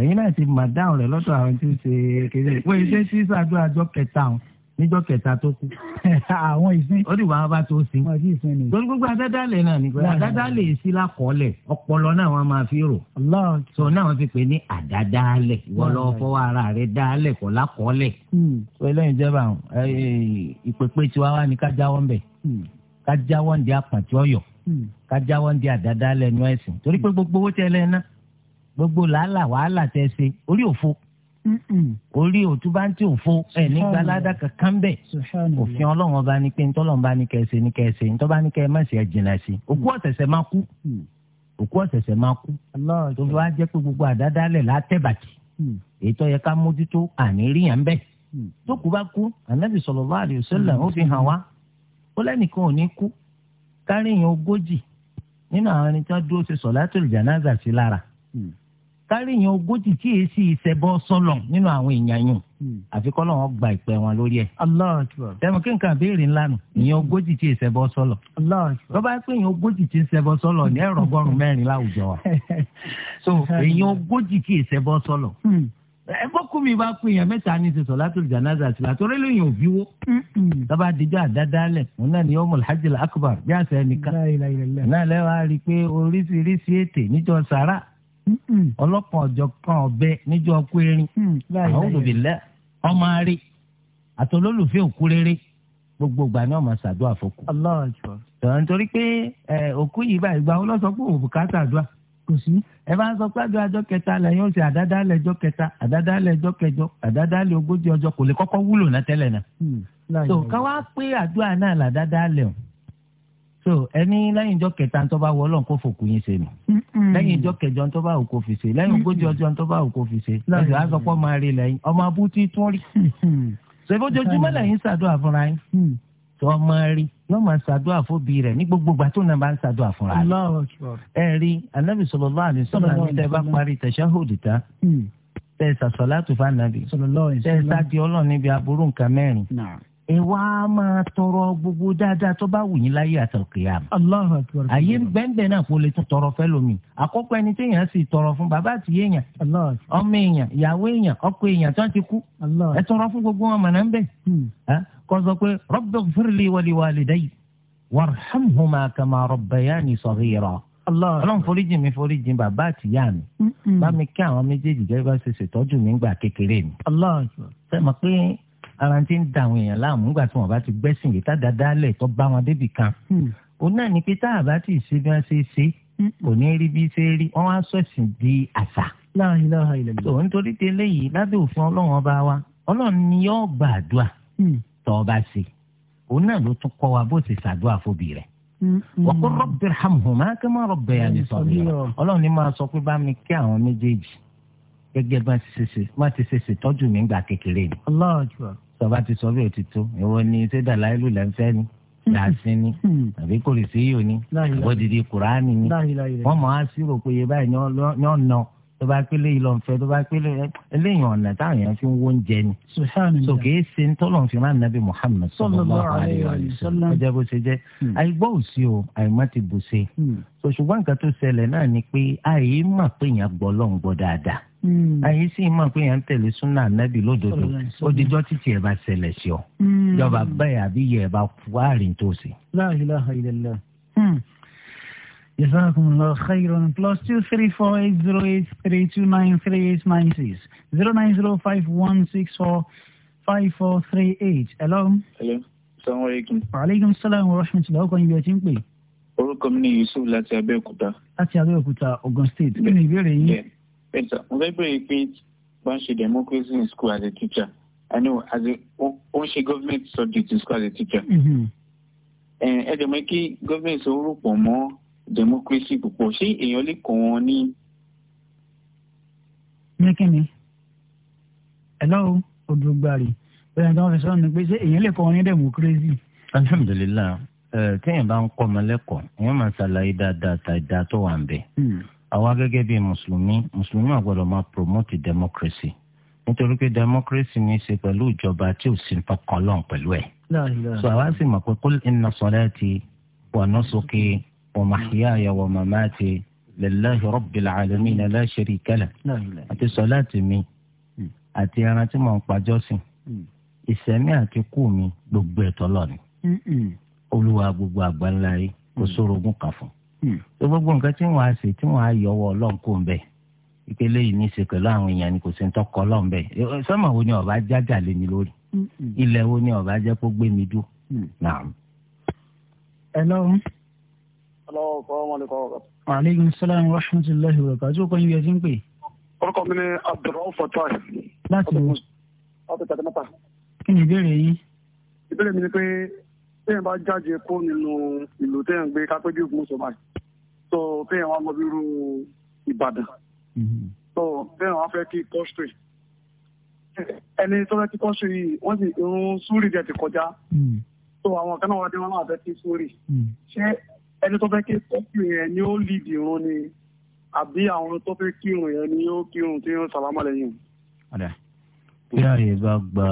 ẹ̀yìn náà ti mà dáhùn rẹ̀ lọ́dọ̀ àwọn tí ó ṣe kéde wọ́n ṣe sí sàdúrà àjọ kẹta ọ̀hún níjọ́ kẹta tó kú. [LAUGHS] àwọn ìsìn. ó dìbò àwọn bá tó sin. wọn sì sin ni. torí gbogbo adádálẹ̀ náà ni adádálẹ̀ sí lakọọlẹ̀ ọpọlọ náà wọn máa fi rò. sọ náà wọn fi pè ní àdádálẹ̀ ìwọ lọ fọwọ́ ara rẹ dálẹ̀ kọ́ lakọọlẹ̀. pẹ̀lú hmm. ìjọba ìpèpè tiwa wa ni ká jáwọ́ ń bẹ̀ hmm. ká jáwọ́ ń di àpàtì ọ̀yọ́ hmm. ká jáwọ́ ń di àdádálẹ̀ ẹnu ẹ̀sìn torí pé gbogbo owó tẹ́lẹ̀ ná gbogbo làálà wàhálà tẹ́ ṣe orí òfo orí òtúbántì òfo ẹ̀ nígbà ládàkà kan bẹ̀ òfin ọlọ́run ọba ni pé ntọ́lọ́run bá ní kẹsẹ̀ ní kẹsẹ̀ ntọ́ba ní kẹ́ má ṣe jìnnà sí òkú ọ̀sẹ̀sẹ̀ máa kú mm. òkú ọ̀sẹ̀sẹ̀ máa kú tó fi wá jẹ́ pé gbogbo àdádálẹ̀ látẹ̀bàtì mm. ètò yẹ ká mójútó àní ríyàn bẹ́ẹ̀ mm. tó kú bá kú ànábì sallallahu alaihi wasallam ó fi hàn wá ó lẹ́nìkan ò ní kú káríyàn ogójì nínú àwọn ẹni tó dúró ṣe sọ̀látùl jánásà sí lára káríyàn ogójì tí èyí sì ìṣẹ̀bọ sọ́lọ̀ nínú àwọn èèyàn yìí hmm. àfi kọ́ lọ́wọ́ gba ìpè wọn lórí ẹ̀. tẹ̀mọ̀ kí nǹkan béèrè ńlá nù ìyẹn hmm. ogójì tí ìṣẹ̀bọ sọ́lọ̀. tó bá pé ìyẹn ogójì tí ìṣẹ̀bọ sọ́lọ̀ ní ẹ̀rọ ọgọ́rùn mẹ́rin láwùjọ wa. [LAUGHS] so ìyẹn ogójì tí ìṣẹ̀bọ sọ́lọ̀. Hmm. ẹgbọ́kú mi bá pè yẹn mẹ́ta ní ti sọ̀látùl jánásà àti látọ̀rẹ́ lóyìn òbí wo. tọ́ba dijọ́ àdádálẹ̀ òun náà ni yawmul hajjil akbar bí àṣẹ nìkan. náà lẹ́wọ̀ á rí i pé oríṣiríṣi ètè níjọ sàrà ọlọ́kan ọ̀jọ̀ kan ọ̀bẹ níjọ́ ọkú erin àwọn olùbílẹ̀ ọmọ àárẹ àtọlólùfẹ́ òkú rere gbogbo ìgbà ni ọmọ ṣàdúrà fọkù. ọ̀rọ̀ nítorí pé òkú yìí bá ìgbà wọn lọ pé òun kò sí. ẹ bá ń sọ pé kẹta lẹ́yìn àdáda kẹta àdáda ogójì so ẹni lẹ́yìn ìjọ kẹta ń tọ́ba wọ ọlọ́run kó fòkù yín ṣe nù lẹ́yìn ìjọ kẹjọ ń tọ́ba òkò fi ṣe lẹ́yìn ogójì ọjọ́ ń tọ́ba òkò fi ṣe ẹ̀sìn àsọpọ̀ máa rí lẹ́yìn ọmọ abúti tún rí ṣèbójoojúmọ́ lẹ́yìn ṣàdúrà fúnra yín tó mm. ọmọ rí yóò máa ṣàdúrà fóbi rẹ̀ ní gbogbo ìgbà tó náà bá ń ṣàdúrà fúnra rẹ̀ ẹ rí anábì sallallahu alaihi wasallam ní tẹ́ bá parí tashahhud tán mm. tẹ́ ṣàṣọlátù fún anábì tẹ́ ṣáàdì ọlọ́run níbi aburú nǹkan mẹ́rin ẹ wá máa tọrọ gbogbo dáadáa tó bá wù yín láyé àtọkìyà mi. àyè bẹ́ẹ̀nbẹ́ẹ̀ náà kò lè tún tọrọ fẹ́ lómi. àkọ́kọ́ ẹni téèyàn sì tọrọ fún bàbá àti èèyàn ọmọ èèyàn ìyàwó èèyàn ọkọ èèyàn tó ń ti kú. ẹ tọrọ fún gbogbo wọn mọ̀nà ń bẹ̀. Hmm. kò sọ pé rabbighfir li wa li walidayya warhamhuma kama rabbayani saghira. ọlọ́run foríjì mi foríjì bàbá àti ìyá mi. Hmm, hmm. bá mi kí àwọn méjèèjì gẹ́gẹ́ bá ṣe ṣètọ́jú mi ńgbà kékeré mi. sẹ́mi pé ara ti ń da àwọn èèyàn láàmú nígbà tí wọn bá ti gbẹ́sìn yìí tádàdá lẹ̀ tó bá wọn débì kan. Hmm. òun náà ni pé tá a bá ti ṣe bí wọ́n ṣe ṣe hmm. kò ní rí bí ṣe rí wọ́n wá sọ̀sìn di àṣà. tó ń torí délé yìí lábẹ́ òfin ọlọ́run ọba wa ọlọ́run ni yóò gba àdúrà hmm. tó o bá ṣe òun náà ló tún kọ́ wa bó ṣe ṣàdúrà fóbi rẹ̀. wọ́n rọ̀bì hàmùmá kí wọ́n rọ̀bì àmì sọ̀rọ̀ ni máa sọ pé bá mi kí àwọn méjèèjì gẹ́gẹ́ bá ti ṣe ṣe tọ́jú mi gbà kékeré ni sọba ti sọ bí o ti tó ìwọ ni ṣé dàláìlú lẹ́ ń fẹ́ ni hmm. yàtí ni hmm. àbí kò lè sí yìí ni àbọ̀dìdì kùránì ni wọ́n mọ̀ á sí rò pé yẹ báyìí ní ọ̀nà tó bá pélé yìí lọ ń fẹ́ tó bá pélé eléyìí ọ̀nà táwọn èèyàn fi ń wó oúnjẹ ni so kìí ṣe ń tọ́lọ̀ fi máa nàbí Muhammad sallallahu alaihi wa sallam ọjọ́ bó ṣe jẹ́ hmm. àìgbọ́ òsì o àìmọ́ ti bù ṣe so ṣùgbọ́n nǹkan tó ṣẹlẹ̀ náà ni pé àìyí mà pé èèyàn gbọ́ lọ́ Hmm. àyè sì mọ̀ pé yẹn ń tẹ̀lé súnà nẹ́bì lódodo ó dijọ́ títí ẹ̀ bá ṣẹlẹ̀ sí ọ ìjọba hmm. bẹ́ẹ̀ àbí yẹ ẹ̀ bá wá rìn tó sí. la ilaha illallah. Hmm. Jazakumullah khairan. Plus two three four eight zero eight three two nine three eight nine six zero nine zero five one six four five four three eight. Hello. Hello. Assalamu alaikum. Wa alaikum salaam wa rahmatullahi ọkọ ibi ẹtí ń pè. Orúkọ mi ni Yusuf láti Abẹ́òkúta. Láti Abẹ́òkúta, Ogun State. Kí ni ìbéèrè yín? Ẹ̀sà, mo fẹ́ bèrè pé wọ́n ṣe democracy in school as a teacher. I know as a ó ń ṣe government subject in school as a teacher. Mm-hmm. Ẹ jẹ́ mọ́ kí government orú pọ̀ mọ́ democracy púpọ̀. Ṣé èèyàn lè kọ́ wọn ní. Ní Hello, Odùgbàrì. Bẹ́ẹ̀ni tí wọ́n fi sọ́nù pé ṣé èèyàn lè kọ́ wọn ní democracy? Alhamdulilayi, téèyàn bá ń kọ́ ọmọ lẹ́kọ̀ọ́, wọ́n máa ṣàlàyé dáadáa tàìdá tó wà ń bẹ̀. Hmm àwa gẹ́gẹ́ bíi mùsùlùmí mùsùlùmí àgbọ́dọ̀ máa promote democracy nítorí pé democracy ní í ṣe pẹ̀lú ìjọba tí ò sí kankan lọ́n pẹ̀lú ẹ̀. so àwa sì mọ̀ pé kul inna salati wa nusuki wa mahyaya wa mamati lillahi rabbil alamin la sharika lah àti sọláàtì mi hmm. àti ẹran tí mò ń pàjọ́sìn hmm. ìsẹ̀mí àti kú mi gbogbo ẹ̀tọ́ lọ́ni hmm, olúwa gbogbo àgbáńlá yìí kò sórogún kan fún tó hmm. gbogbo nǹkan tí wọ́n á ṣe tí wọ́n á yọwọ́ ọlọ́run kò ń bẹ̀ ìpele yìí ní í ṣe pẹ̀lú àwọn èèyàn ni kò sí ń tọkọ ọlọ́run bẹ̀ sọ́mọ̀ wo ni ọ̀bá jájà lé mi lórí hmm. ilẹ̀ wo ni ọ̀bá jẹ́ kó gbé mi dú. ẹ lọ́run. Aleykum salaam wa rahmatulahi wa barakatuh. Ojú kan yóò yẹ ti ń pè. Orúkọ mi ni Abdulrahman Fatai. Láti wo? Ọ̀pẹ̀ tàbí mẹ́ta. Kí ni ìbéèrè yín? Ìbéèrè mi ni pé téèyàn bá jáde kó nínú ìlú téèyàn gbé kápẹ́jú ìgbóhùnsọ báyìí tó téèyàn wá mọbi irú ìbàdàn tó mm-hmm. téèyàn wá fẹ́ kí kọ́sítírì ẹni tó fẹ́ kí kọ́sítírì yìí wọ́n sì irun súrì jẹ ti kọjá tó mm-hmm. àwọn kan náà wá dé wọn náà fẹ́ kí súrì mm-hmm. ṣé ẹni tó fẹ́ kí kọ́sítírì yẹn ni ó lídìí irun ni àbí àwọn tó fẹ́ kírun yẹn ni yóò kírun tí yóò sàlámà lẹ́yìn. bí ààyè bá gba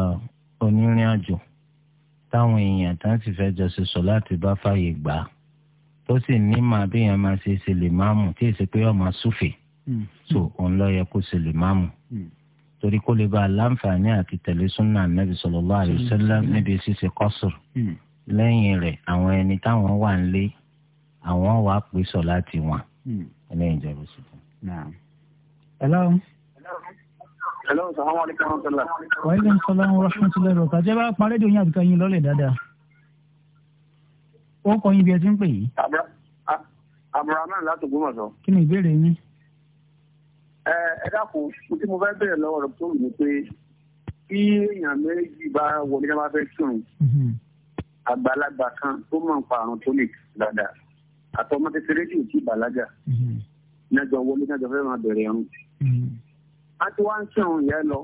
onírìn àjò táwọn èèyàn tá ti fẹ́ jọ ṣe sọ láti bá fàyè gbà á tó sì ní màá bí yẹn máa ṣe ṣe lè máa mú tí èsì pé yọ máa súfè hmm. so òun lọ yẹ kó ṣe lè máa mú hmm. torí kó lè bá a láǹfààní àti tẹ̀lé súnà nàbì sallallahu alaihi wasallam hmm. níbi ṣíṣe kọ́sùrù lẹ́yìn rẹ̀ àwọn ẹni táwọn wà ń lé àwọn wàá pè láti wọn ẹlẹ́yìn ìjọba ṣùgbọ́n. hello. Hello, salamu alaykum wa rahmatulah. Wa alaykum salaam wa rahmatulah. Rọ̀kà jẹ́ bá parí ìdòyìn àbíkà yín lọ́lẹ̀ dáadáa. Ó kọ yín bí ẹ ti ń pè yìí. Abrahamu láti Gbọ́mọ̀sọ. Kí ni ìbéèrè yín? Ẹ dákun, mo tí mo fẹ́ bẹ̀rẹ̀ lọ́wọ́ rẹ̀ tó ní pé kí èèyàn méjì bá wọlé náà bá fẹ́ sùn. Mm-hmm. Àgbàlagbà kan tó mọ̀ pa àrùn tonic dáadáa. Àtọmọ kékeré kì í a ti wá ń sẹ̀wọ̀n yẹn lọ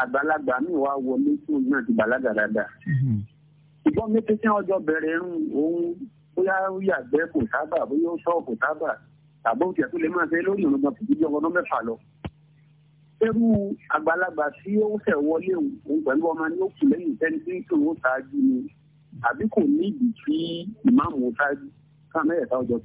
àgbàlagbà mi wá wọlé tí òun náà ti bàlágà dáadáa. Mm-hmm. ṣùgbọ́n mi kékeré ọjọ́ bẹ̀rẹ̀ irun òun bóyá yàgbẹ́ kò sábà bóyá ó sọ̀ kò sábà tàbí òkè tó lè máa ṣe lórí ìrùn gan fìdí ọmọ mẹ́fà lọ. irú àgbàlagbà tí ó fẹ́ wọlé òun pẹ̀lú ọmọ ní ó kù lẹ́yìn tẹ́ni tí tòun ó ṣáájú ni àbí kò ní ìdí tí ìmáàmù ó ṣáájú káà ọjọ́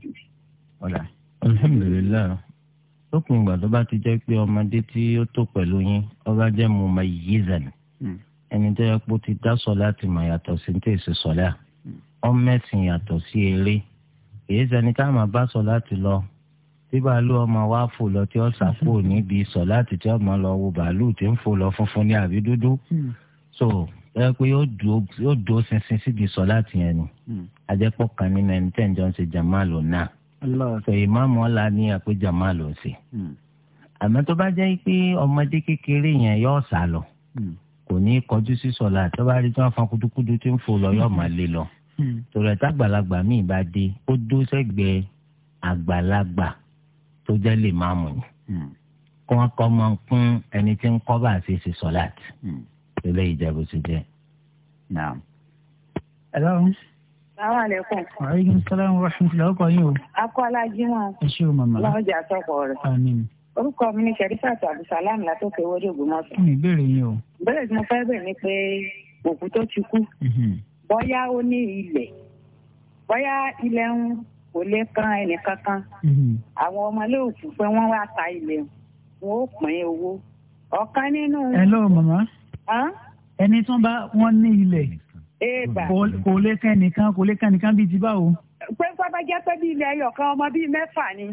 lópin ìgbà tó bá ti jẹ́ pé ọmọdé tí ó tó pẹ̀lú yín ọba jẹ́ mo ma yí zàn hmm. ẹni tó yẹ kó ti dá sọlá ti mà yàtọ̀ sí ní èsì sọlá ọmẹsìn hmm. yàtọ̀ sí eré èyí sẹni ká máa bá sọlá ti lọ tí bàálù ọmọ wa fò lọ tí ó sàpò hmm. níbi sọlá ti tí ọmọ lọ wo bàálù tí ń fò lọ funfun ní àbí dúdú so ẹ pé yóò dúró ṣinṣin síbi sọlá ti yẹn ni ajẹ́pọ̀ kan nínú ẹni tẹ́ ń jọ ń ṣe jàmáà lò náà sọ ìmáàmù ọ̀la ní àpéjọ máa lò sí hmm. àmọ́ tó bá jẹ́ pé ọmọdé kékeré yẹn yóò sá lọ hmm. kò ní kọjú sí sọlá tó bá rí tí wọ́n fa kudukudu tí ń fò lọ yóò máa lé lọ hmm. tòrẹ tágbàlagbà míì bá dé ó dó sẹ́gbẹ̀ẹ́ àgbàlagbà tó jẹ́ lè máa mú yẹn kó wọ́n kọ́ máa kún ẹni tí ń kọ́ bá ṣe ṣe sọlá tì ilé ìjẹ́bù ti jẹ́. Hello. Àwọn àlẹ́kùn. Àríkí Sálámù Rọ́ṣùnfìlà ọkọ̀ yìí o. A Akọ alájímọ̀. Ẹ ṣé o màmá. Lọ́wọ́ jà sọ́kọ̀ rẹ̀. Àmín. Orúkọ mi ni Ṣẹ̀rífàtà Abdulsalam látòkè wọ́dí Ògbómọ̀ṣọ́. Kí ni ìbéèrè yín o? Bẹ́ẹ̀ ni mo fẹ́ bẹ̀ ni pé òkú tó ti kú. Mhm. Bọ́yá ó ní ilẹ̀. Bọ́yá ilẹ̀ ń kò lè kan ẹnìkankan. Mhm. Àwọn ọmọléòkú pé wọ́n wá ta ilẹ̀ wọn ó pín owó. Ọ̀kan nínú. Hello màmá. Ẹni tó bá wọn ní ilẹ̀ kò lè kẹ́nìkan kò lè kẹ́nìkan bíi ti báwo. pé pápá jẹ́ pé bíi ilẹ̀ ẹyọ kan ọmọ bíi mẹ́fà ni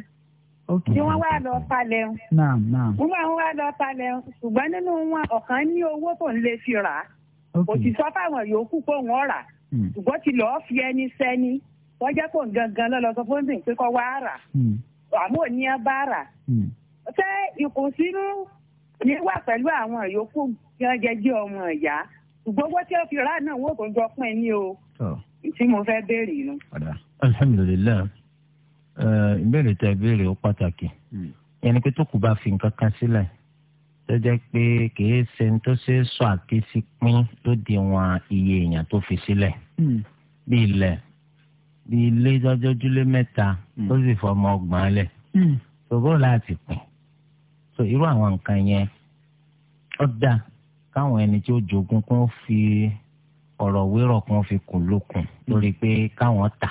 tí wọ́n wá lọ talẹ̀ ń. wọ́n máa ń wá lọ talẹ̀ ń ṣùgbọ́n nínú wọn ọ̀kan ní owó tó ń lè fi rà á òtítọ́ fáwọn yòókù pé wọ́n rà hmm. ṣùgbọ́n ti lọ́ọ́ fi ẹni sẹ́ni wọ́n jẹ́ kó gangan lọ́lọ́ sọ fún mi pé kọ́ wá rà hmm. àmọ́ ní ẹ bá rà. Hmm. ṣé ìkùnsínú ni wà pẹ̀lú àwọn yòókù tí wọ́n jẹ́ jẹ́ ṣùgbọ́n owó tí ó fi rà náà wọ́n kò jọ fún ẹ ní o tí mo fẹ́ béèrè nu. alhamdulilayi ìbéèrè tẹ ìbéèrè ó pàtàkì hmm. ẹni pé tó kù bá fi nǹkan kan sílẹ̀ tó jẹ́ pé kìí ṣe ń tó ṣe sọ àkíyèsí pín tó di wọn iye èèyàn tó fi sílẹ̀ hmm. bí ilẹ̀ bí ilé jọjọ́júlé mẹ́ta hmm. tó sì fọmọ ọgbọ̀n lẹ̀ ṣòro láti pín so irú àwọn nǹkan yẹn ó dáa káwọn ẹni tí ó jogún kó fi ọ̀rọ̀ wérọ̀ kó fi kùn lókun lórí pé káwọn tà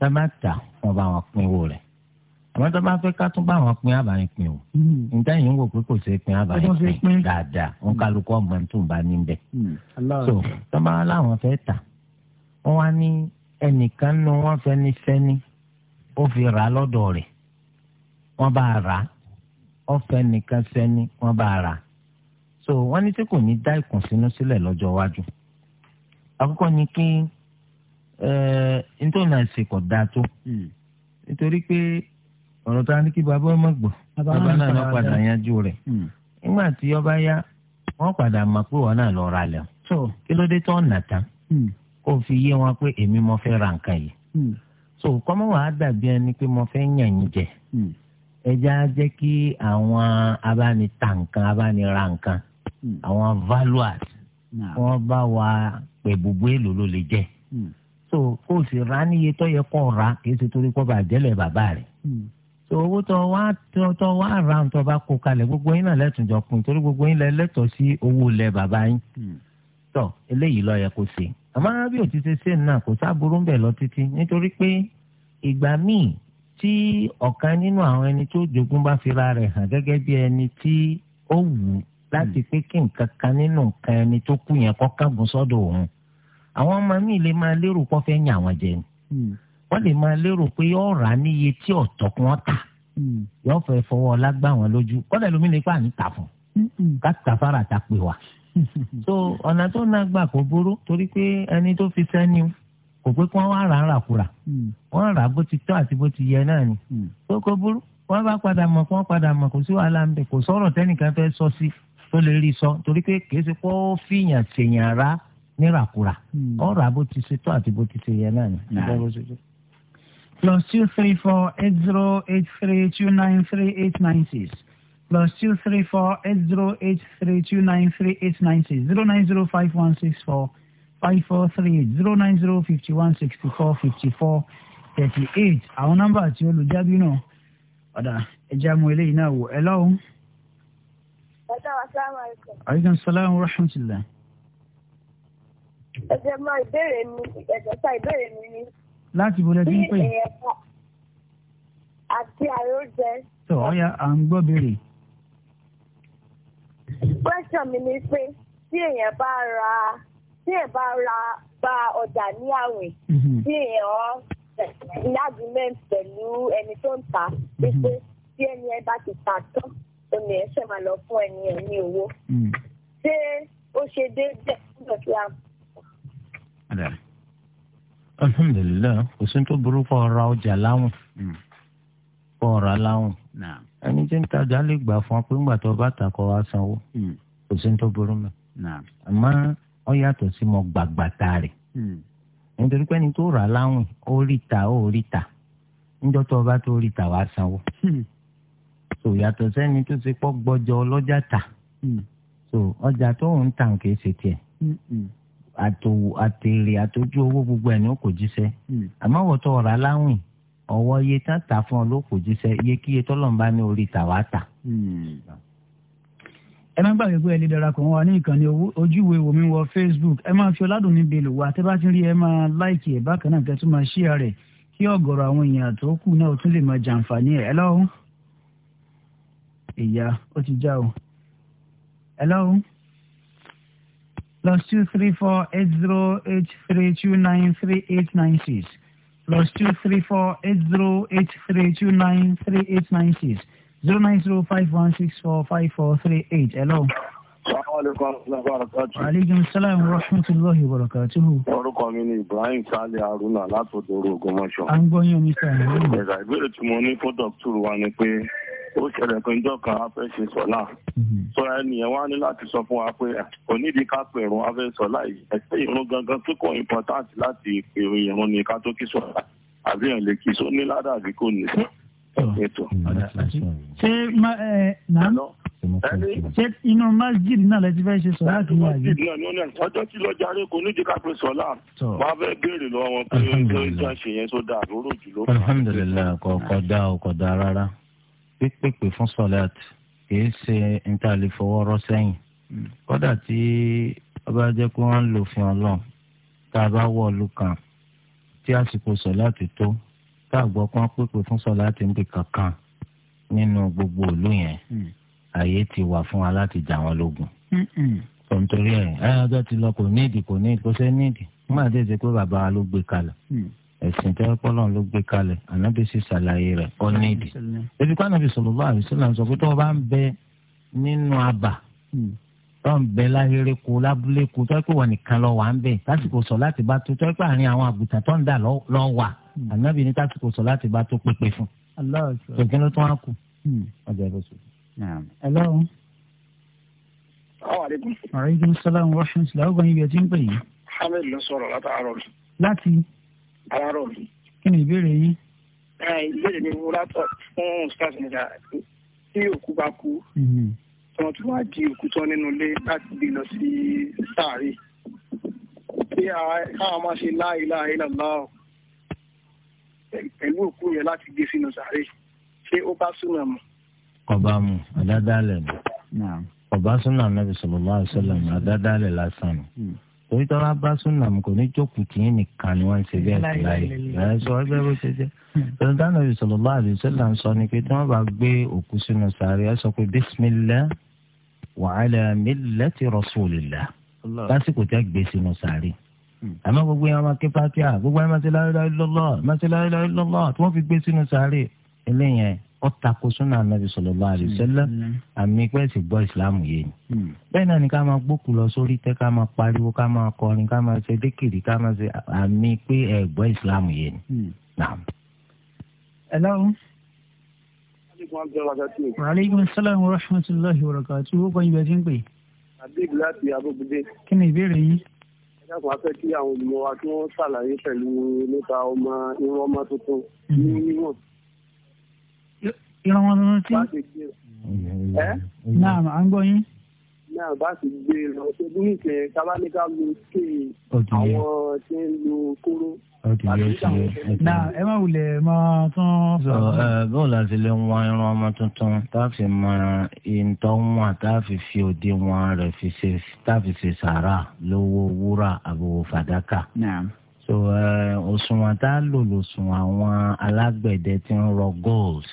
sábà hmm. tà wọn bá wọn pín owó rẹ̀ àmọ́ tó bá fẹ́ ká tún bá wọn pín àbáyé pín o hmm. níta yìí ń wò pé kò ṣe pín àbáyé pín dáadáa wọn kálukú ọmọ tó ń bá níbẹ̀ hmm. so tó bá wọn láwọn fẹ́ tà wọn wá ní ẹnìkan nu wọn fẹ́ni fẹ́ni ó fi rà lọ́dọ̀ rẹ̀ wọ́n bá rà ó fẹ́nìkan fẹ́ni wọ́n bá rà so wọ́n ní tí kò ní dá ìkùnsínú sílẹ̀ lọ́jọ́ iwájú àkọ́kọ́ ni kí eh, nítorí náà ṣe kò dáa tó hmm. nítorí pé ọ̀rọ̀ tá a ní kí bàbá ọmọ gbọ́ bàbá náà lọ padà yanjú rẹ̀ hmm. nígbà tí ọba yá wọ́n padà mọ̀ pé wọ́n náà lọ ra lẹ̀ kí ló dé tó ọ̀nà tán hmm. kó fi yé wọn pé èmi mo fẹ́ ra nǹkan yìí so kọ́mọ́ wàá dàbí ẹni pé mo fẹ́ yàn yín jẹ ẹja jẹ́ kí àwọn abánità abánira nǹkan Hmm. àwọn valuat wọ́n bá wa pè gbogbo èlò ló lè jẹ́ hmm. so kó o sì rà á níye tó yẹ kó o rà kì í ṣe torí kó bàjẹ́lẹ̀ bàbá rẹ̀ hmm. so owó tó wá tó wá ra tó bá kó kalẹ̀ gbogbo yín náà lẹ́tùnjọ pin torí gbogbo yín lẹ́tọ̀ọ́ sí owó ilẹ̀ bàbá yín tọ̀ eléyìí ló yẹ kó ṣe àmọ́ bí o ti ṣe ṣe náà kò sábúrú ń bẹ̀ lọ títí nítorí pé ìgbà míì tí ọ̀kan nínú àwọn ẹni tó jogún bá fira rẹ̀ hàn gẹ́gẹ́ bí ẹni tí ó wù láti hmm. pé kí nǹkan kan nínú nǹkan ẹni tó kú yẹn kọ́ kágun sọ́dọ̀ òun àwọn ọmọ mi lè máa lérò pé fẹ́ yàn àwọn jẹ ni hmm. wọ́n lè máa lérò pé yóò rà níye tí ọ̀tọ̀ kún ọ́ tà hmm. yóò fẹ́ fọwọ́ lágbá wọn lójú kọ́dà lómi lè pa àníta fún ká tàfàrà ta pè wá. so ọ̀nà tó náà gbà kó burú torí pé ẹni tó fi sẹ́ni kò pé kí wọ́n wá rà ń ràkúrà wọ́n rà bó ti tọ́ àti bó ti yẹ náà ni tó kó wọ́n bá padà mọ̀ kí wọ́n padà mọ̀ kò sí wàhálà ń bẹ̀ kò sọ̀rọ̀ tẹ́nìkan fẹ́ sọ sí tó lè rí sọ torí pé kìí ṣe pọ́ fìyàn ṣèyàn hmm. rà nírakura ọ̀rọ̀ àbó ti ṣe tó àti bó ti ṣe yẹn náà ni. Hmm. plus two three four eight zero eight three two nine three eight nine six plus two three four eight zero eight three two nine three eight nine six zero nine zero five one six four five four three eight zero nine zero fifty one sixty four fifty four thirty eight àwọn nọ́mbà àti olùjábí náà ọ̀dà ẹ̀jẹ̀ àmọ́ eléyìí náà wò ẹ lọ́hùn-ún aleykum salaam wa rahmatulah. ẹ̀jẹ̀ máa ìbéèrè mi ẹ̀jẹ̀ sá ìbéèrè mi ni. láti bolẹ̀ tí ń pè. àti àròjẹ. tó ọ̀ya à ń gbọ́ béèrè. question mi ni pé tí èèyàn bá ra tí èèyàn bá ra gba ọjà ní àwìn mm-hmm. tí èèyàn ní argument pẹ̀lú ẹni tó ń ta pé mm-hmm. pé tí ẹni ẹ bá ti ta tán olè ẹsẹ̀ máa lọ fún ẹni ẹ̀ ní owó. Hmm. ṣé ó ṣe déédéé nígbà tí a. alhamdulilayi kò sí tó burú kó ra ọjà láwùn hmm. kó ra láwùn ẹni tí ń tajà lè gbà fún ọ pé ńgbà tó bá tà kó sanwó hmm. kò sí tó burú mọ́ àmọ́ ó yàtọ̀ sí mo gbàgbà tá nítorí pé ẹni tó rà láwùn ó rí ta ó rí ta níjọ́ tó o bá tó rí ta wàá sanwó. so yàtọ̀ sẹ́ni tó ṣe pọ́ gbọ́jọ ọlọ́jà tà hmm. so ọjà tó ń tà kìí ṣe tiẹ̀ hmm, hmm. àtèrè àtòjú owó gbogbo ẹ̀ ní ó kò jíṣẹ́ àmọ́ wọ́n ọ̀rá láwìn ọ̀wọ́ iye tá tà fún ọ ló kò jíṣẹ́ iye kí iye tọ́lọ̀ ń bá ní orí tà wá tà. ẹ gbàgbé pé ẹ lè darapọ̀ ní ìkànnì wo mi wọ Facebook ẹ máa fi ọ̀làdùn níbi èlò wa tẹ́ bá ti rí ẹ ìyá ó ti já o. hello plus two three four eight zero eight three two nine three eight nine six plus two three four eight zero eight three two nine three eight nine six zero nine zero five one six four five four three eight hello. Aleykum salaam wa rahmatulahi wa barakatuhu. Orúkọ mi ni Ibrahim Sálẹ̀ Haruna látòdòrò Ògbómọ̀ṣọ́. À ń gbọ́ yín omi sáà. Ìbéèrè tí mo ní fún Dr. wa ni pé ó ṣẹlẹ̀ pé njọ́ kan a fẹ́ ṣe sọ́lá mhm. sọ ẹnìyẹn wá ní láti sọ fún wa pé kò nídìí ká pè irun a fẹ́ sọ́lá yìí ẹ̀sẹ̀ irun gangan tó kọ̀ important láti pè irun ní ká tó kí sọ́lá àbí ẹ̀ lè kí só ní ládàá àbí kò ní ètò. ṣé ma ẹ náà ṣé inú masjid náà lẹ ti fẹ́ ṣe sọ́lá kí wà yìí. masjid náà ni ọjọ́ tí lọ́jà rẹ̀ kò nídìí ká pè sọ́lá máa fẹ́ béèrè lọ́wọ́ wọn pé ó ń ṣe yẹn sódà lóró jùlọ. alhamdulilayi kò kò dá o kò dá rárá pípèpè fún sọ̀láàt kìí ṣe níta lè fọwọ́ rọ́ sẹ́yìn hmm. kódà tí ọba jẹ́ pé wọ́n ń lò fún ọlọ́run tá a bá wọ̀ ọ̀lù kan tí àsìkò sọ̀láàt tó tá a gbọ́ pọ́n pípè fún sọ̀láàt ń kankan nínú gbogbo ìlú yẹn hmm. àyè ti wà fún wa láti jà wọn lógun tòǹtòrí ẹ̀ ẹ̀ ọjọ́ ti lọ kò nídìí kò nídìí kò sẹ́ nídìí nígbà tí èsì pé bàbá wa ló gbé kalẹ̀. Hmm ẹ̀sìn tẹ́ pọ́lọ́ ló gbé kalẹ̀ ànábì sì ṣàlàyé rẹ̀ ọ́nìdì. ebi kó ànábì sọ̀rọ̀ bá àbí sọ̀rọ̀ sọ pé tó o bá ń bẹ nínú abà tó ń bẹ láhéré ko lábúlé ko tó pé wọ́n nìkan lọ wà ń bẹ̀ tásìkò sọ láti bá tó tó pé àárín àwọn àgùntàn tó ń dà lọ wà ànábì ní tásìkò sọ láti bá tó pépé fún. tòkí ló tún á kù. ọjà ẹ bó so. hello. aleykum salaam wa rahmatulah. ọgbọ̀n ibi ẹ ti ń pè yín. hamid ló sọ̀rọ̀ látàárọ̀. láti àwárọ̀ mi. kí ni ìbéèrè yín. ìbéèrè mi wo látọ̀ fún stars nígbà tí òkú bá kú tí wọ́n tún wá di òkú tán nínú ilé láti gbé lọ sí sáré pé káwọn máa ṣe láì láì lọ́lá ọ̀ pẹ̀lú òkú yẹn láti gbé sínú sáré ṣé ó bá súnà mu. ọba mu àdádálẹ̀ ni ọba súnà nàbì sallallahu alaihi wasallam àdádálẹ̀ lásán ni. Mm torí tí wọn bá súnà mú kò ní jókòó tí yín nìkan ni wọn ń ṣe bẹ́ẹ̀ sí láyé ẹ sọ ẹgbẹ bó ṣe jẹ ẹni dáná yìí sọlọ bá àdìsí ṣẹlẹ ń sọ ni pé tí wọn bá gbé òkú sínú sàárè ẹ sọ pé bísímilẹ wàhálà mílẹ ti rọṣùlélà lásìkò tí a gbé sínú sàárè hmm. àmọ́ gbogbo yẹn máa ké pátíà gbogbo yẹn máa ti láyé láyé lọlọ máa ti láyé láyé lọlọ tí wọn fi gbé sínú sàárè ọ̀tako súnà anabi sallallahu alaihi wasallam hmm. àmì pẹ́ sì gbọ́ ìsìláàmù yé ni. Hmm. bẹ́ẹ̀ náà ni ká máa gbókù lọ sórí tẹ́ ká máa pariwo ká máa kọrin ká máa ṣe dékìrì ká máa ṣe àmì pé ẹ̀ gbọ́ ìsìláàmù yé ni. Hmm. Hello. Aleykum salaam wa rahmatulahi wa barakatuh. Owó kan ibẹ̀ ti ń pè. Abib láti Abókúndé. Kí ni ìbéèrè yìí? Ẹ dákun afẹ́ kí àwọn olùmọ̀ wa kí wọ́n ṣàlàyé pẹ̀lú nípa ọmọ irun ọmọ tuntun ní níwọ̀n ìran wọn tuntun tí. náà à ń gbọ́ yín. náà bá ti gbé e lọ ṣe bí nìkẹ́ kábáníkà lu kéè àwọn tí ń lu kóró. náà ẹ má wulẹ̀ mọ tún. bọ́ọ̀ la ti lè wọn irun ọmọ tuntun tá a fi mọ ìtọ́ wọn tá a fi fi òde wọn rẹ̀ fi ṣe tá a fi ṣe sàrà lówó wúrà àbòwò fàdákà so òṣùwọ̀n tá a lò lòṣùwọ̀n àwọn alágbẹ̀dẹ tí ń rọ gold.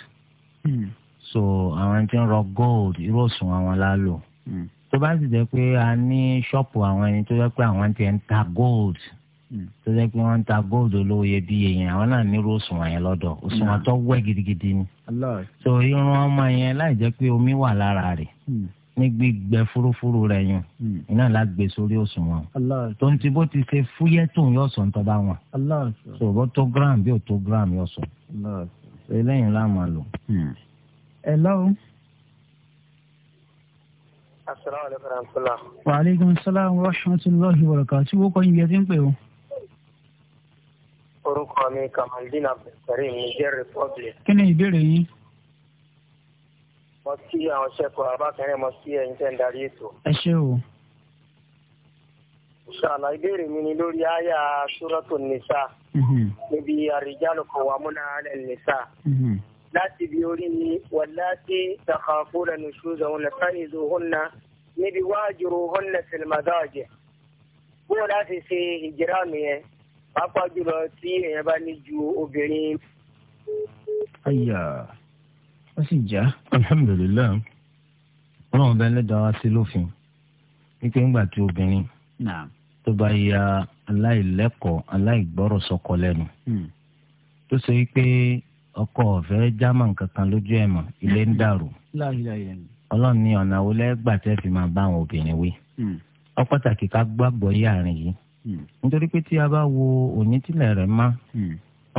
Hmm. so àwọn tí ń rọ gold irú òsùn àwọn la lò hmm. tó bá sì jẹ́ pé a ní ṣọ́ọ̀pù àwọn ẹni tó jẹ́ pé àwọn ti ń ta gold hmm. tó jẹ́ pé wọ́n ń ta gold olówó iyebíye yẹn àwọn náà nírú òṣùwọ̀n yẹn lọ́dọ̀ òṣùwọ̀n tó wẹ́ gidigidi ni. so irun ọmọ yẹn láì jẹ́ pé omi wà lára rẹ̀ ní gbígbẹ fúrúfúrú rẹ̀ yun iná lágbè sórí òṣùwọ̀n tó ń ti bó ti ṣe fúyẹ́ tó ń yọ̀sọ̀ ń tọ́ bá wọn. so bó tó gram bí ó tó gram yọ̀sọ̀ ṣe lẹ́yìn láàmú àlò. ẹ hmm. lọ́wọ́. asalaamualeykum rahmatulah. wa aleykum salaam wa rahmatulahi wa barakatuh. tí wọ́n kọ́ ibi ẹ ti ń pè o. orúkọ mi kamaldin abdulkareem niger republic. kí ni ìbéèrè yín mo kí àwọn ṣẹ́kọ̀ọ́ abákẹ́rẹ́ mo kí ẹ̀yin tẹ́ ń darí ètò. ẹ ṣé o inshallah ìbéèrè mi ni lórí àyà sórọ́tò nìsa mhm. níbi àrìjálù kan wà múna alẹ́ nìsa mhm. láti bí orí ni wàláti takafúra nìṣúzọ hùnà sáyézó hùnà níbi wájúrò hùnà fìlmàdáàjẹ bó láti ṣe ìjìrá mi yẹn pápá jùlọ tí èèyàn bá ní ju obìnrin. ayà wọ́n sì já alhamdulilayi wọn ò bẹ lẹ́dọ̀ wá sí lófin wípé ńgbà tí obìnrin. Naam. tó bá ya aláìlẹ́kọ̀ọ́ aláìgbọ́rọ̀ sọkọ lẹ́nu hmm. tó ṣe ọkọ ọ̀fẹ́ german kankan lójú ẹ̀ mọ̀ ilé ń dàrú ọlọ́run ni ọ̀nà wo lẹ́gbà tẹ́ fi máa bá àwọn obìnrin wí ọ hmm. pàtàkì ká gbàgbọ́ yàrin yìí hmm. nítorí pé tí a bá wo onítìlẹ̀ rẹ̀ má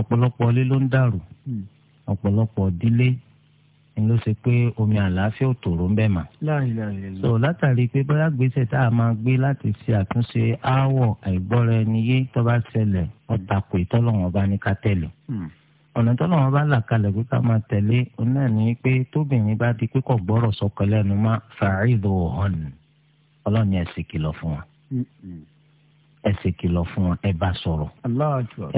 ọ̀pọ̀lọpọ̀ ilé ló ń dàrú ọ̀pọ̀lọpọ̀ ló ṣe pé omi àlàáfíà ò tòrò ń bẹ̀ mà. so látàrí pé bóyá gbèsè tá a máa gbé láti ṣe àtúnṣe aáwọ̀ àìgbọ́ra ẹni yé tó bá ṣẹlẹ̀ ọ̀tàkù ìtọ́lọ́wọ́n bá ní ká tẹ̀lé. Hmm. ọ̀nà tọ́lọ́wọ́n bá là kalẹ̀ pé ká máa tẹ̀lé òun náà ní pé tóbìnrin bá di pé kò gbọ́rọ̀ sọkọ lẹ́nu má fàáìdò ọ̀hún ọlọ́ni ẹ̀sìn kìlọ̀ fún wa. Hmm, hmm ẹ ṣèkìlọ̀ fún wọn ẹ bá sọ̀rọ̀.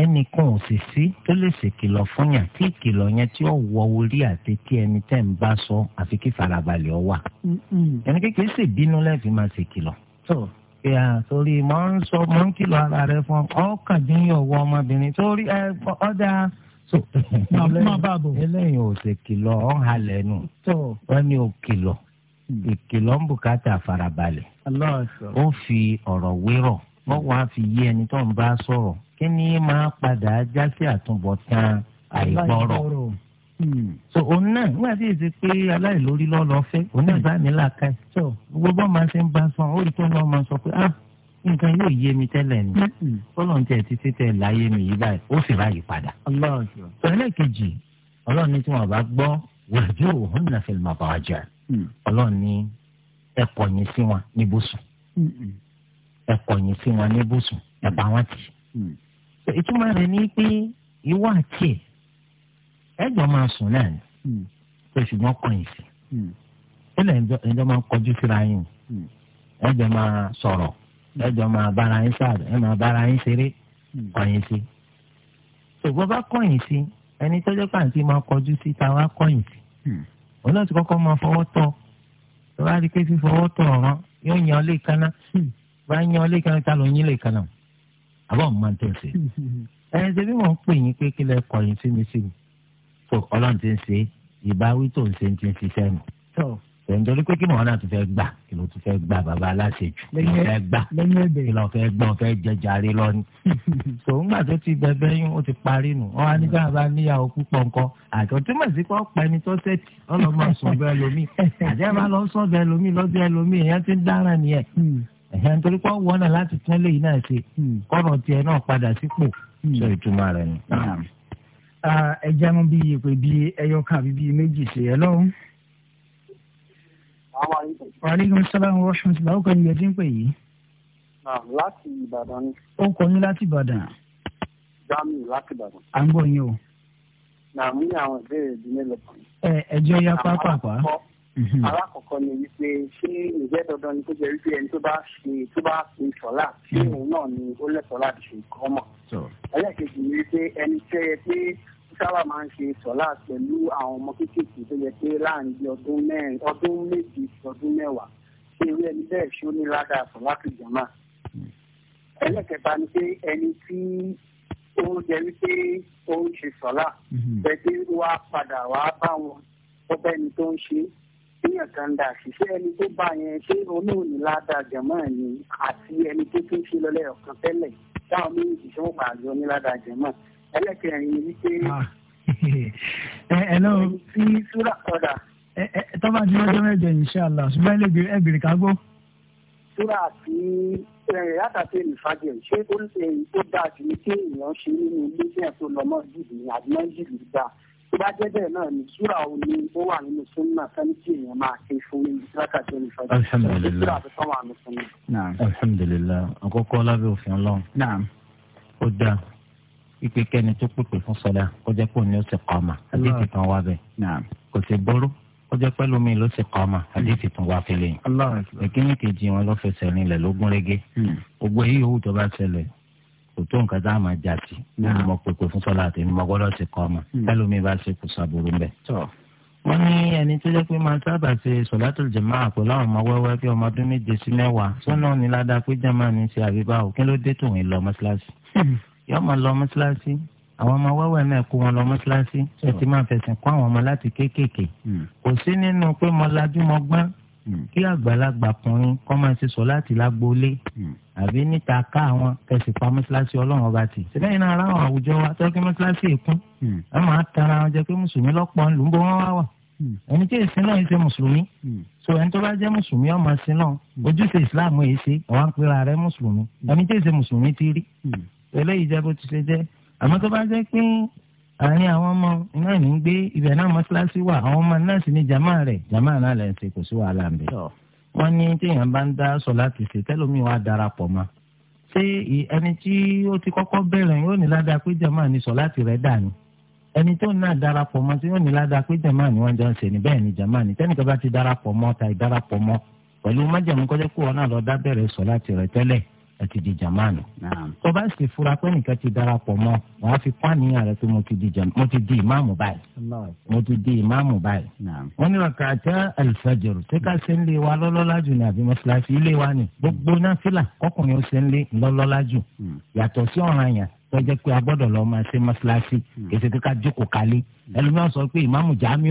ẹnìkan ò sì sí tó lè ṣèkìlọ̀ fún yàn tí ìkìlọ̀ yẹn tí ó wọ orí àti tí ẹni tẹ́ ń bá sọ àfi kí farabalẹ̀ ọ wà. ẹni kékeré sì bínú lẹ́ẹ̀fì máa ṣèkìlọ̀. pé à torí mo ń sọ mo ń kìlọ̀ ara rẹ fún ọkàndínlọ́wọ́ ọmọbìnrin torí ẹ ọ̀dà eléyìí ò ṣèkìlọ̀ ọ̀ ń halẹ̀ nù wọ́n ní ò kìlọ̀ mm. ìkìlọ̀ ń bùkátà farabalẹ̀ ó fi ọ̀rọ̀ wérọ̀ wọ́n wá fi yé ẹni tó ń bá sọ̀rọ̀ kí ni máa padà já sí àtúbọ̀tán àìgbọ́rọ̀ hmm. so òun náà nígbà tí èsì pé aláìlórí lọ́lọ́ fẹ́ òun náà bá mi làákà ẹ̀ so gbogbo ọmọ ṣe ń bá sọ ó rí tó ń máa sọ pé ah nǹkan yóò yé mi tẹ́lẹ̀ ni ọlọ́run hmm. tẹ̀ títí tẹ̀ láyé mi yí báyìí ó sì ráàyè padà. sọ ẹlẹ́ẹ̀kejì ọlọ́run ní tí wọ́n bá gbọ́ wàjú òun náà fẹ́ máa bá wa jà ọlọ́run ní ẹ̀kọ́ yẹn sí wọn níbùsùn. Hmm, ẹ̀kọ́ yìí sí wọn ní bùsùn ẹ̀bà hmm. ìtumọ̀ rẹ̀ ni pé ìwọ àti ẹ̀ ẹ̀jọ̀ máa sùn náà ni pé hmm. ṣùgbọ́n kọ̀yìn sí. Hmm. ó lè ẹjọ́ máa kọjú síra yín ẹjọ́ máa sọ̀rọ̀ ẹjọ́ máa bára yín ẹ máa bára yín ṣeré kọ̀yìn sí. ṣùgbọ́n kọ̀yìn sí ẹni tọ́jọ́ pàǹtí máa kọjú sí kọ̀yìn sí. bá ń yan lẹ́kàn ta ló ń yín lẹ́kàn náà àbọ̀ mọ́ máa ń tẹ̀sí. ẹ̀yin ṣe bí wọ́n ń pè yín pé kí lẹ kọ̀yìn sí mi sí mi tó ọlọ́run ti ń ṣe ìbáwí tó ń ṣe ti ń ṣiṣẹ́ nù. ẹ̀ǹdọ́rí pé kí ni wọ́n náà tún fẹ́ gbà kí ló tún fẹ́ gbà bàbá aláṣejù kí ló fẹ́ gbà kí ló fẹ́ gbọ́n fẹ́ jẹjàre lọ́ni. [LAUGHS] tó ń gbà tó ti bẹ̀bẹ̀ yín ó ti parí nù wọn á ní ká bá [LAUGHS] ẹ̀hẹ́ nítorí pé wọ́n náà láti tún eléyìí náà ṣe hmm. kọ́nà tiẹ̀ náà padà sípò hmm. sọ ìtumọ̀ rẹ̀ ni. Ah, ẹ jẹun bí ìpè bí ẹyọ kan méjì ṣe ẹ lọ́hùn. wàhálà sálàmù washington ṣùgbọ́n ó kọ́ ni ń pè yìí. láti ìbàdàn ni. o. nàmú ni ya pápá pa. àmọ́ Mm-hmm. alákọ̀ọ́kọ́ ni wípé ṣé ìjẹ́ dandan ni kó jẹ́ wípé ẹni tó bá ṣe tó bá ṣe sọ́lá ṣé mm. òun náà ni ó lẹ́tọ̀ọ́ láti ṣe nǹkan mọ̀. ẹlẹ́ẹ̀kejì ni wípé ẹni tẹ́ yẹ pé sábà máa ń ṣe sọ́lá pẹ̀lú àwọn ọmọ kéékèèké tó yẹ pé láàrin bí ọdún mẹ́rin ọdún méje ọdún mẹ́wàá ṣé irú ẹni bẹ́ẹ̀ ṣó ní ládàá sọ́lá tó jẹ́ máa. Mm. ẹlẹ́ẹ̀kẹta ni pé ẹni tí ó jẹ́ wípé ó ń ṣe sọ́lá pẹ̀lú mm-hmm. wá padà wá bá wọn ọbẹ̀ téèyàn kan dà ṣiṣẹ́ ẹni tó bá yẹn ṣé oníhùn ládàá jẹ̀mọ́ ni àti ẹni tó tún ṣe lọ́lẹ́ ọ̀kan tẹ́lẹ̀ táwọn méjì tí wọ́n pàdé oní ládàá jẹ̀mọ́ ẹlẹ́kẹ̀rin ni wípé. Ah. ẹ̀lọ́ [LAUGHS] sí eh, súrà kọ́dà. tọ́ba eh, eh, ti lọ́jọ́ mẹ́jọ ìṣàlá ṣùgbọ́n ẹlẹ́gbẹ̀ẹ́ ẹgbẹ̀rẹ kágbó. súrà sí látàtí ìfàjẹ ṣé ó ń tó dáa jù ní kí èèyàn ṣe nínú ilé tó bá jẹ́ bẹ́ẹ̀ náà ni súrà ò ní ó wà nínú súnà sẹ́ni tí èèyàn máa ṣe fún rákàtí onífọ́jà súrà tó tán wà nínú súnà. alhamdulilayi àkọ́kọ́ lábẹ́ òfin ọlọ́run ó dáa ipe kẹ́ni tó pèpè fún sọ́dà ó jẹ́ pé òun ni ó ti kọ́ ọmọ àdéhùn kan wá bẹ́ẹ̀ kò sí bóró ó jẹ́ pẹ́ lómi ló ti kọ́ ọmọ àdéhùn kan wá fẹ́lẹ́ yìí ìkíni kejì wọn ló fẹsẹ̀ rinlẹ̀ lógún régé hmm. gbogbo èyí yòówù tó bá ṣẹlẹ̀ kò tó nǹkan tá a máa jà sí nínú mọ pé kò fún sọlá àti ẹni mọ gbọ́dọ̀ ti kọ ọmọ hmm. ẹlòmíín bá ṣe kò sàbòrò mbẹ. wọ́n ní ẹni tó jẹ́ pé máa sábà ṣe sọ̀látò jẹ̀má pẹ̀lú àwọn ọmọ wẹ́wẹ́ bí ọmọ ọdún méje sí mẹ́wàá sọ́nà ní ládàá pé jẹ́mánì ṣe àbíbá òkín ló dé tòun lọ mọ́ṣáláṣí. Hmm. yọ́ọ́ lọ mọ́ṣáláṣí àwọn ọmọ wẹ́wẹ́ náà kó wọn lọ mọ́ṣáláṣí ẹ ti máa fẹ̀sìn kọ́ àwọn ọmọ láti kéékèèké hmm. kò sí nínú pé mo lajú mo gbọ́n Hmm. kí àgbàlagbà kùnrin kọ́ máa ṣe sọ láti lágbólé hmm. àbí níta ká àwọn kẹsì pa mọ́ṣáláṣí ọlọ́run ọba tì. sílẹ̀ iná ara àwọn àwùjọ wa tọ́jú mọ́ṣáláṣí èkún ẹ hmm. máa tara wọn jẹ pé mùsùlùmí lọ́pọ̀ ń lù ú bó wọ́n wá wà. ẹni tí èsì náà ń ṣe mùsùlùmí so ẹni tó bá jẹ́ mùsùlùmí ọmọ sí náà ojúṣe islam èyí ṣe ọ̀wá ń pera rẹ̀ mùsùlùmí ẹni tí èsì mùsùlùmí ti rí. eléyìí jẹ́ bó ti ṣe jẹ́ àmọ́ tó bá jẹ́ pé àárín àwọn ọmọ náà ní gbé ibẹ̀ náà mọ́ṣáláṣí wà àwọn ọmọ náà sì ní jàmá rẹ̀ jàmá náà lẹ̀ ń ṣe kò sí wàhálà ń bẹ̀. wọ́n ní téèyàn bá ń dá sọ láti ṣe tẹ́lómi wàá darapọ̀ mọ́. ṣé ẹni tí ó ti kọ́kọ́ bẹ̀rẹ̀ yóò ní ládàá pé jàmá ni sọ láti rẹ̀ dà ní. ẹni tó náà darapọ̀ mọ́ tí yóò ní ládàá pé jàmá ni wọ́n jọ ń ṣe ní bẹ́ẹ̀ ni jàmá ni tẹ́nìkan bá ti darapọ̀ mọ́ ta ìdarapọ̀ mọ́ pẹ̀lú májàmú kọ́jẹ́ kó wọn náà lọ dá sọ láti rẹ̀ tẹ́lẹ̀ àti di jamanu. tó bá sì fura pé nìkan ti darapọ̀ mọ́ wàá fi kọ́ àníyàn rẹ pé mo ti di jam mo ti di ìmáàmù báyìí. mo ti di ìmáàmù báyìí. wọ́n ní ọ̀kà àti alifajọ̀rù ṣé ká ṣe ń lé wa lọ́lọ́lá jù àbí mọ́ṣáláṣí ilé wa ni gbogbo náfìlà kọkùnrin ó ṣe ń lé lọ́lọ́lá jù hmm. yàtọ̀ sí ọ̀ràn yẹn tọ́jẹ́ pé a gbọ́dọ̀ lọ́ọ́ máa ṣe mọ́ṣáláṣí èsì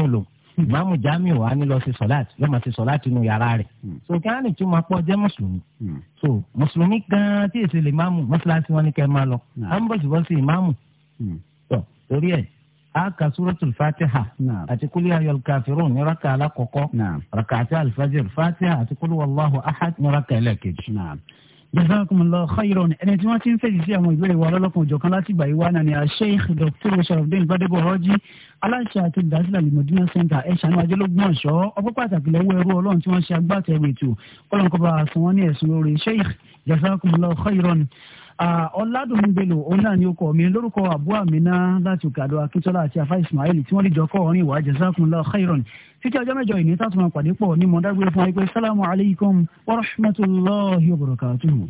hmm ìmáàmù jamiu wa ni lọ sí sọláàtì yóò máa ṣe sọláàtì nínú yàrá rẹ̀ hmm. so kí á lè tún máa pọ̀ jẹ́ mùsùlùmí hmm. so mùsùlùmí gan-an tí èsì lè máàmù mọ́ṣáláṣí wọn ni kẹ́ máa lọ hmm. à ń bọ̀sibọ́sì ìmáàmù tó torí ẹ̀ a ka suratul fatiha àti kuli ayọl kafirun ní raka alakọkọ raka àti alifajir fatiha àti kuli wàlláhu ahad ní raka ẹlẹ́kejì jazakumullahu khairan ẹni tí wọ́n ti ń fèsì sí àwọn ìbéèrè wa lọ́lọ́kan òjọ̀kan láti ìgbà ìwá náà ni Sheikh Dr. sharafdin gbadebo ọjí aláṣẹ àti olùdásílẹ̀ limodina center ẹ̀ṣánú ajẹ́lógún ọ̀ṣọ́ ọpọ́ pàtàkì lọ́wọ́ ẹrú ọlọ́run tí wọ́n ṣe agbátẹrù ètò kọ́lọ́nkọ́ba àsanwó ní ẹ̀sùn lórí Sheikh jazakumullahu khairan ọ̀làdùn bello òun náà ni ó kọ́ mi lórúkọ àbú àmínà láti òkàdó akíntola àti afa ismail tí wọ́n lè jọ kọ́ ọ̀rìn ìwà jazakumullahu khairan títí ọjọ́ mẹ́jọ ìní tàtúmọ̀ pàdé pọ̀ ní mọ̀dágbére fún wa pé sálámù alaykum wa rahmatulahi wa barakatuhu.